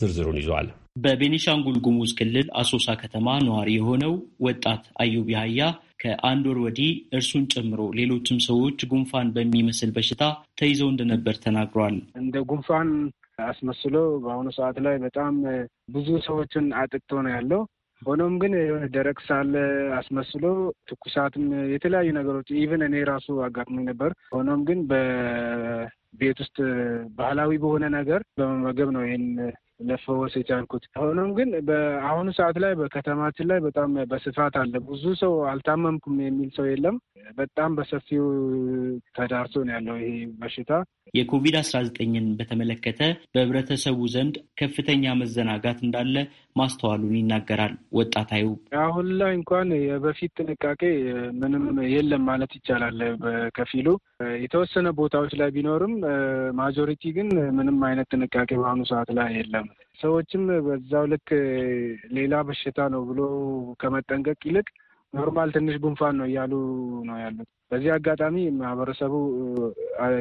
ዝርዝሩን ይዟል። በቤኒሻንጉል ጉሙዝ ክልል አሶሳ ከተማ ነዋሪ የሆነው ወጣት አዩብ ያህያ ከአንድ ወር ወዲህ እርሱን ጨምሮ ሌሎችም ሰዎች ጉንፋን በሚመስል በሽታ ተይዘው እንደነበር ተናግሯል። እንደ ጉንፋን አስመስሎ በአሁኑ ሰዓት ላይ በጣም ብዙ ሰዎችን አጥቅቶ ነው ያለው። ሆኖም ግን የሆነ ደረቅ ሳለ አስመስሎ ትኩሳትም፣ የተለያዩ ነገሮች ኢቨን እኔ ራሱ አጋጥሞኝ ነበር። ሆኖም ግን ቤት ውስጥ ባህላዊ በሆነ ነገር በመመገብ ነው ይህን ለፈወስ የቻልኩት። ሆኖም ግን በአሁኑ ሰዓት ላይ በከተማችን ላይ በጣም በስፋት አለ። ብዙ ሰው አልታመምኩም የሚል ሰው የለም። በጣም በሰፊው ተዳርሶ ነው ያለው ይሄ በሽታ። የኮቪድ አስራ ዘጠኝን በተመለከተ በህብረተሰቡ ዘንድ ከፍተኛ መዘናጋት እንዳለ ማስተዋሉን ይናገራል። ወጣት አሁን ላይ እንኳን የበፊት ጥንቃቄ ምንም የለም ማለት ይቻላል። በከፊሉ የተወሰነ ቦታዎች ላይ ቢኖርም ማጆሪቲ ግን ምንም አይነት ጥንቃቄ በአሁኑ ሰዓት ላይ የለም። ሰዎችም በዛው ልክ ሌላ በሽታ ነው ብሎ ከመጠንቀቅ ይልቅ ኖርማል ትንሽ ጉንፋን ነው እያሉ ነው ያሉት። በዚህ አጋጣሚ ማህበረሰቡ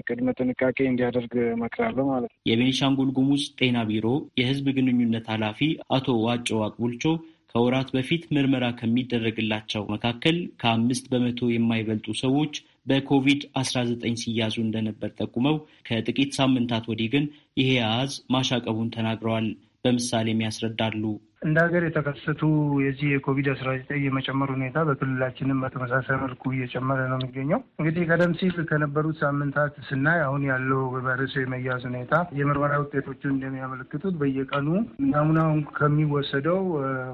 ቅድመ ጥንቃቄ እንዲያደርግ እመክራለሁ ማለት ነው። የቤኒሻንጉል ጉሙዝ ጤና ቢሮ የህዝብ ግንኙነት ኃላፊ አቶ ዋጮ አቅቡልቾ ከወራት በፊት ምርመራ ከሚደረግላቸው መካከል ከአምስት በመቶ የማይበልጡ ሰዎች በኮቪድ-19 ሲያዙ እንደነበር ጠቁመው ከጥቂት ሳምንታት ወዲህ ግን ይሄ አሃዝ ማሻቀቡን ተናግረዋል። በምሳሌም ያስረዳሉ። እንደ ሀገር የተከሰቱ የዚህ የኮቪድ አስራ ዘጠኝ የመጨመር ሁኔታ በክልላችንም በተመሳሳይ መልኩ እየጨመረ ነው የሚገኘው። እንግዲህ ቀደም ሲል ከነበሩት ሳምንታት ስናይ አሁን ያለው በቫይረሱ የመያዝ ሁኔታ የምርመራ ውጤቶቹን እንደሚያመለክቱት በየቀኑ ናሙናውን ከሚወሰደው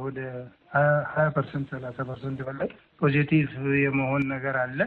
ወደ ሀያ ፐርሰንት ሰላሳ ፐርሰንት በላይ ፖዚቲቭ የመሆን ነገር አለ።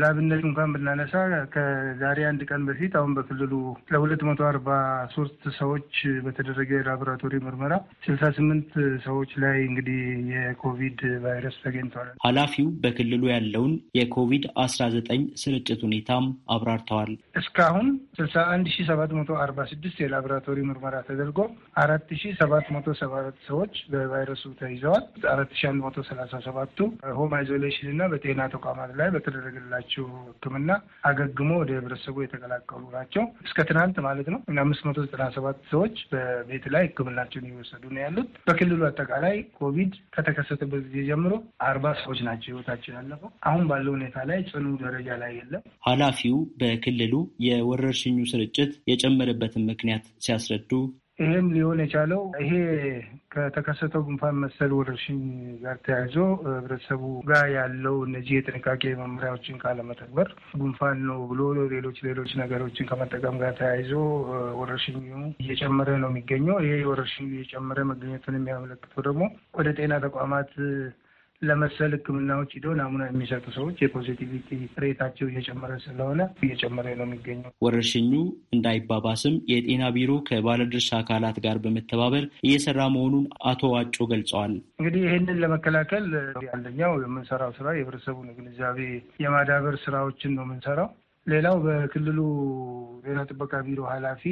ለአብነት እንኳን ብናነሳ ከዛሬ አንድ ቀን በፊት አሁን በክልሉ ለሁለት መቶ አርባ ሶስት ሰዎች በተደረገ የላቦራቶሪ ምርመራ ስልሳ ስምንት ሰዎች ላይ እንግዲህ የኮቪድ ቫይረስ ተገኝተዋል። ኃላፊው በክልሉ ያለውን የኮቪድ አስራ ዘጠኝ ስርጭት ሁኔታም አብራርተዋል። እስካሁን ስልሳ አንድ ሺ ሰባት መቶ አርባ ስድስት የላቦራቶሪ ምርመራ ተደርጎ አራት ሺ ሰባት መቶ ሰባ አራት ሰዎች በቫይረሱ ተይዘዋል። አራት ሺ አንድ መቶ ሰላሳ ሰባቱ ሆም አይዞሌሽን እና በጤና ተቋማት ላይ በተደረገላቸው ሕክምና አገግሞ ወደ ህብረተሰቡ የተቀላቀሉ ናቸው። እስከ ትናንት ማለት ነው። አምስት መቶ ዘጠና ሰባት ሰዎች በቤት ላይ ሕክምናቸውን እየወሰዱ ነው ያሉት። በክልሉ አጠቃላይ ኮቪድ ከተከሰተበት ጊዜ ጀምሮ አርባ ሰዎች ናቸው ህይወታቸው ያለፈው። አሁን ባለው ሁኔታ ላይ ጽኑ ደረጃ ላይ የለም። ኃላፊው በክልሉ የወረርሽኙ ስርጭት የጨመረበትን ምክንያት ሲያስረዱ ይሄም ሊሆን የቻለው ይሄ ከተከሰተው ጉንፋን መሰል ወረርሽኝ ጋር ተያይዞ ህብረተሰቡ ጋር ያለው እነዚህ የጥንቃቄ መመሪያዎችን ካለመተግበር ጉንፋን ነው ብሎ ሌሎች ሌሎች ነገሮችን ከመጠቀም ጋር ተያይዞ ወረርሽኙ እየጨመረ ነው የሚገኘው። ይሄ ወረርሽኙ እየጨመረ መገኘቱን የሚያመለክተው ደግሞ ወደ ጤና ተቋማት ለመሰል ህክምናዎች ሂዶ ናሙና የሚሰጡ ሰዎች የፖዚቲቪቲ ሬታቸው እየጨመረ ስለሆነ እየጨመረ ነው የሚገኘው። ወረርሽኙ እንዳይባባስም የጤና ቢሮ ከባለድርሻ አካላት ጋር በመተባበር እየሰራ መሆኑን አቶ ዋጮ ገልጸዋል። እንግዲህ ይህንን ለመከላከል አንደኛው የምንሰራው ስራ የህብረተሰቡን ግንዛቤ የማዳበር ስራዎችን ነው የምንሰራው። ሌላው በክልሉ ጤና ጥበቃ ቢሮ ኃላፊ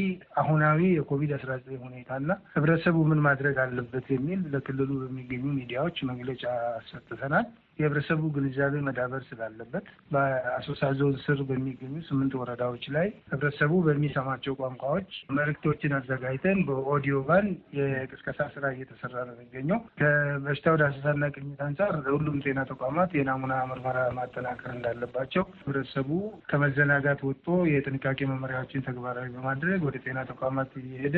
አሁናዊ የኮቪድ አስራ ዘጠኝ ሁኔታና ህብረተሰቡ ምን ማድረግ አለበት የሚል ለክልሉ በሚገኙ ሚዲያዎች መግለጫ ሰጥተናል። የህብረተሰቡ ግንዛቤ መዳበር ስላለበት በአሶሳ ዞን ስር በሚገኙ ስምንት ወረዳዎች ላይ ህብረተሰቡ በሚሰማቸው ቋንቋዎች መልእክቶችን አዘጋጅተን በኦዲዮ ባን የቅስቀሳ ስራ እየተሰራ ነው የሚገኘው። ከበሽታው ዳሰሳና ቅኝት አንጻር ለሁሉም ጤና ተቋማት የናሙና ምርመራ ማጠናከር እንዳለባቸው ህብረተሰቡ ከመዘናጋት ወጥቶ የጥንቃቄ መመሪያዎችን ተግባራዊ በማድረግ ወደ ጤና ተቋማት እየሄደ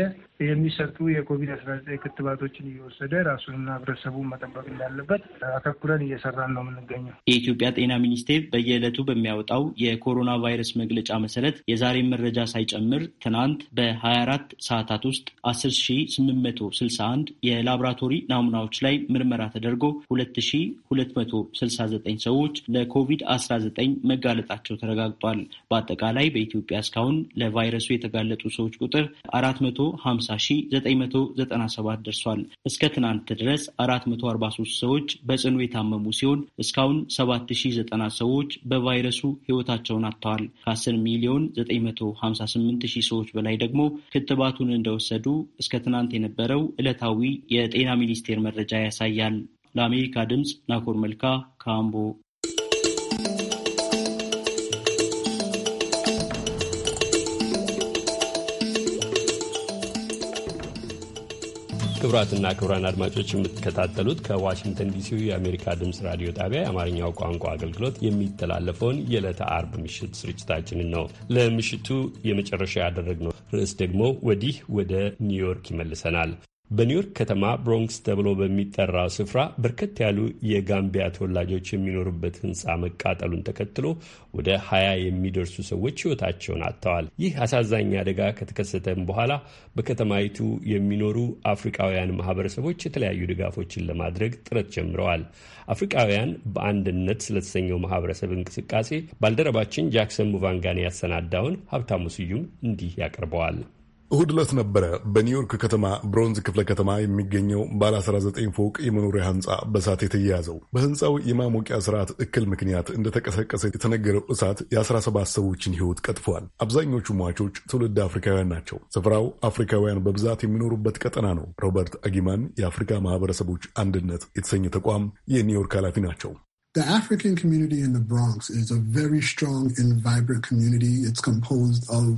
የሚሰጡ የኮቪድ አስራ ዘጠኝ ክትባቶችን እየወሰደ ራሱንና ህብረተሰቡን መጠበቅ እንዳለበት አተኩረን እየሰራ እየሰራን ነው የምንገኘው። የኢትዮጵያ ጤና ሚኒስቴር በየዕለቱ በሚያወጣው የኮሮና ቫይረስ መግለጫ መሰረት የዛሬ መረጃ ሳይጨምር ትናንት በ24 ሰዓታት ውስጥ 10861 የላቦራቶሪ ናሙናዎች ላይ ምርመራ ተደርጎ 2269 ሰዎች ለኮቪድ-19 መጋለጣቸው ተረጋግጧል። በአጠቃላይ በኢትዮጵያ እስካሁን ለቫይረሱ የተጋለጡ ሰዎች ቁጥር 450997 ደርሷል። እስከ ትናንት ድረስ 443 ሰዎች በጽኑ የታመሙ ሲሆን ሲሆን እስካሁን 7090 ሰዎች በቫይረሱ ህይወታቸውን አጥተዋል። ከ10 ሚሊዮን 958 ሺህ ሰዎች በላይ ደግሞ ክትባቱን እንደወሰዱ እስከ ትናንት የነበረው ዕለታዊ የጤና ሚኒስቴር መረጃ ያሳያል። ለአሜሪካ ድምፅ ናኮር መልካ ካምቦ ክቡራትና ክቡራን አድማጮች የምትከታተሉት ከዋሽንግተን ዲሲው የአሜሪካ ድምፅ ራዲዮ ጣቢያ የአማርኛው ቋንቋ አገልግሎት የሚተላለፈውን የዕለተ አርብ ምሽት ስርጭታችንን ነው። ለምሽቱ የመጨረሻ ያደረግነው ርዕስ ደግሞ ወዲህ ወደ ኒውዮርክ ይመልሰናል። በኒውዮርክ ከተማ ብሮንክስ ተብሎ በሚጠራው ስፍራ በርከት ያሉ የጋምቢያ ተወላጆች የሚኖሩበት ሕንፃ መቃጠሉን ተከትሎ ወደ ሀያ የሚደርሱ ሰዎች ሕይወታቸውን አጥተዋል። ይህ አሳዛኝ አደጋ ከተከሰተም በኋላ በከተማይቱ የሚኖሩ አፍሪካውያን ማህበረሰቦች የተለያዩ ድጋፎችን ለማድረግ ጥረት ጀምረዋል። አፍሪካውያን በአንድነት ስለተሰኘው ማህበረሰብ እንቅስቃሴ ባልደረባችን ጃክሰን ሙቫንጋን ያሰናዳውን ሀብታሙ ስዩም እንዲህ ያቀርበዋል። እሁድ ዕለት ነበረ በኒውዮርክ ከተማ ብሮንዝ ክፍለ ከተማ የሚገኘው ባለ 19 ፎቅ የመኖሪያ ህንፃ በእሳት የተያያዘው። በህንፃው የማሞቂያ ስርዓት እክል ምክንያት እንደተቀሰቀሰ የተነገረው እሳት የ17 ሰዎችን ህይወት ቀጥፏል። አብዛኞቹ ሟቾች ትውልድ አፍሪካውያን ናቸው። ስፍራው አፍሪካውያን በብዛት የሚኖሩበት ቀጠና ነው። ሮበርት አጊማን የአፍሪካ ማህበረሰቦች አንድነት የተሰኘ ተቋም የኒውዮርክ ኃላፊ ናቸው። The African community in the Bronx is a very strong and vibrant community. It's composed of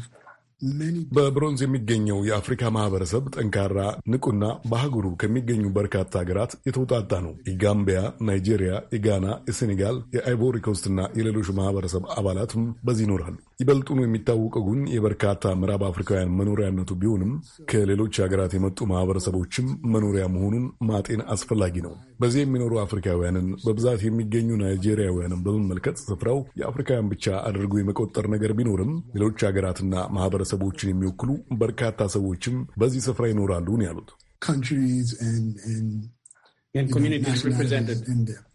በብሮንዝ የሚገኘው የአፍሪካ ማህበረሰብ ጠንካራ ንቁና በአህጉሩ ከሚገኙ በርካታ ሀገራት የተውጣጣ ነው። የጋምቢያ፣ ናይጄሪያ፣ የጋና፣ የሴኔጋል፣ የአይቮሪኮስትና ኮስትና የሌሎች ማህበረሰብ አባላትም በዚህ ይኖራሉ። ይበልጡኑ የሚታወቀው ግን የበርካታ ምዕራብ አፍሪካውያን መኖሪያነቱ ቢሆንም ከሌሎች ሀገራት የመጡ ማህበረሰቦችም መኖሪያ መሆኑን ማጤን አስፈላጊ ነው። በዚህ የሚኖሩ አፍሪካውያንን በብዛት የሚገኙ ናይጄሪያውያንን በመመልከት ስፍራው የአፍሪካውያን ብቻ አድርጎ የመቆጠር ነገር ቢኖርም ሌሎች ሀገራትና ማህበረሰቦችን የሚወክሉ በርካታ ሰዎችም በዚህ ስፍራ ይኖራሉን ያሉት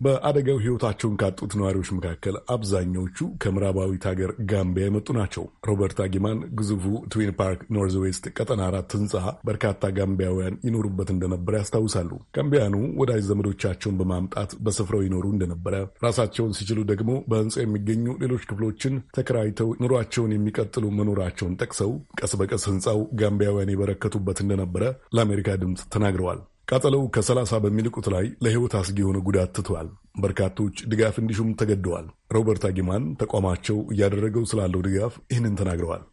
በአደጋው ሕይወታቸውን ካጡት ነዋሪዎች መካከል አብዛኛዎቹ ከምዕራባዊት ሀገር ጋምቢያ የመጡ ናቸው። ሮበርት አጊማን ግዙፉ ትዊን ፓርክ ኖርዝ ዌስት ቀጠና አራት ህንፃ በርካታ ጋምቢያውያን ይኖሩበት እንደነበረ ያስታውሳሉ። ጋምቢያኑ ወዳጅ ዘመዶቻቸውን በማምጣት በስፍራው ይኖሩ እንደነበረ፣ ራሳቸውን ሲችሉ ደግሞ በህንፃ የሚገኙ ሌሎች ክፍሎችን ተከራይተው ኑሯቸውን የሚቀጥሉ መኖራቸውን ጠቅሰው ቀስ በቀስ ህንፃው ጋምቢያውያን የበረከቱበት እንደነበረ ለአሜሪካ ድምፅ ተናግረዋል። ቃጠለው ከ30 በሚልቁት ላይ ለሕይወት አስጊ የሆነ ጉዳት ትቷል። በርካቶች ድጋፍ እንዲሹም ተገደዋል። ሮበርት አጊማን ተቋማቸው እያደረገው ስላለው ድጋፍ ይህንን ተናግረዋል።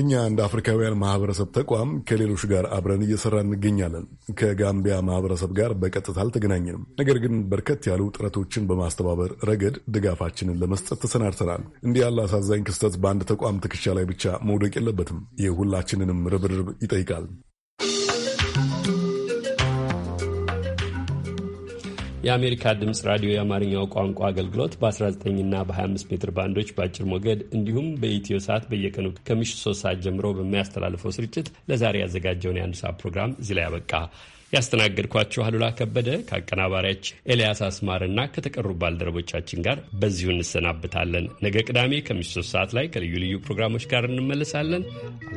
እኛ እንደ አፍሪካውያን ማህበረሰብ ተቋም ከሌሎች ጋር አብረን እየሰራ እንገኛለን። ከጋምቢያ ማህበረሰብ ጋር በቀጥታ አልተገናኘንም። ነገር ግን በርከት ያሉ ጥረቶችን በማስተባበር ረገድ ድጋፋችንን ለመስጠት ተሰናድተናል። እንዲህ ያለ አሳዛኝ ክስተት በአንድ ተቋም ትከሻ ላይ ብቻ መውደቅ የለበትም። የሁላችንንም ርብርብ ይጠይቃል። የአሜሪካ ድምፅ ራዲዮ የአማርኛው ቋንቋ አገልግሎት በ19ና በ25 ሜትር ባንዶች በአጭር ሞገድ እንዲሁም በኢትዮ ሰዓት በየቀኑ ከምሽቱ 3 ሰዓት ጀምሮ በሚያስተላልፈው ስርጭት ለዛሬ ያዘጋጀውን የአንድ ሰዓት ፕሮግራም እዚህ ላይ ያበቃ። ያስተናገድኳችሁ አሉላ ከበደ ከአቀናባሪያች ኤልያስ አስማርና ከተቀሩ ባልደረቦቻችን ጋር በዚሁ እንሰናብታለን። ነገ ቅዳሜ ከምሽቱ 3 ሰዓት ላይ ከልዩ ልዩ ፕሮግራሞች ጋር እንመለሳለን።